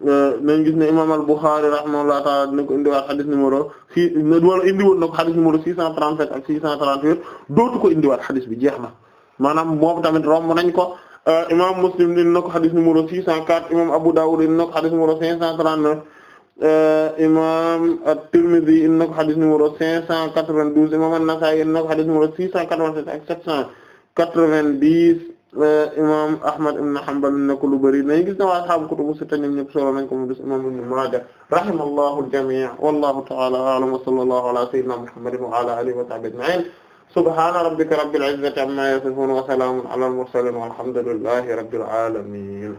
nañ gis ne imam al-Bukhari rahimahullahu ta'ala dina ko indiwaat xadis numéro six wala indiwoon na ko xadis numéro six cent trente-sept ak six cent trente-huit dootu ko indiwaat xadis bi jeex na maanaam moom tamit romb nañ ko euh, imam Muslim dina ko xadis numéro six cent quatre imam Abu Dawud dina ko xadis numéro cinq cent trente-neuf euh, imam at-Tirmidhi dina ko xadis numéro cinq cent quatre-vingt-douze imam an-Nasa'i dina xadis numéro six cent quatre-vingt-sept ak sept cent quatre Euh, imam Ahmad ibn Hanbal ne ko lu bari nañ gis ne waa ashaabu kutubu sitta ñoom ñëpp solo nañ ko mu des imam Ibn Maaja rahimallahu al-jamii' wallahu ta'ala a'lam wa sallallahu ala sayyidina Muhammadin wa ala alihi wa sahbihi ajma'in subhana rabbika rabbil izzati amma yasifun wa salamun ala al-mursalin walhamdulillahi rabbil alamin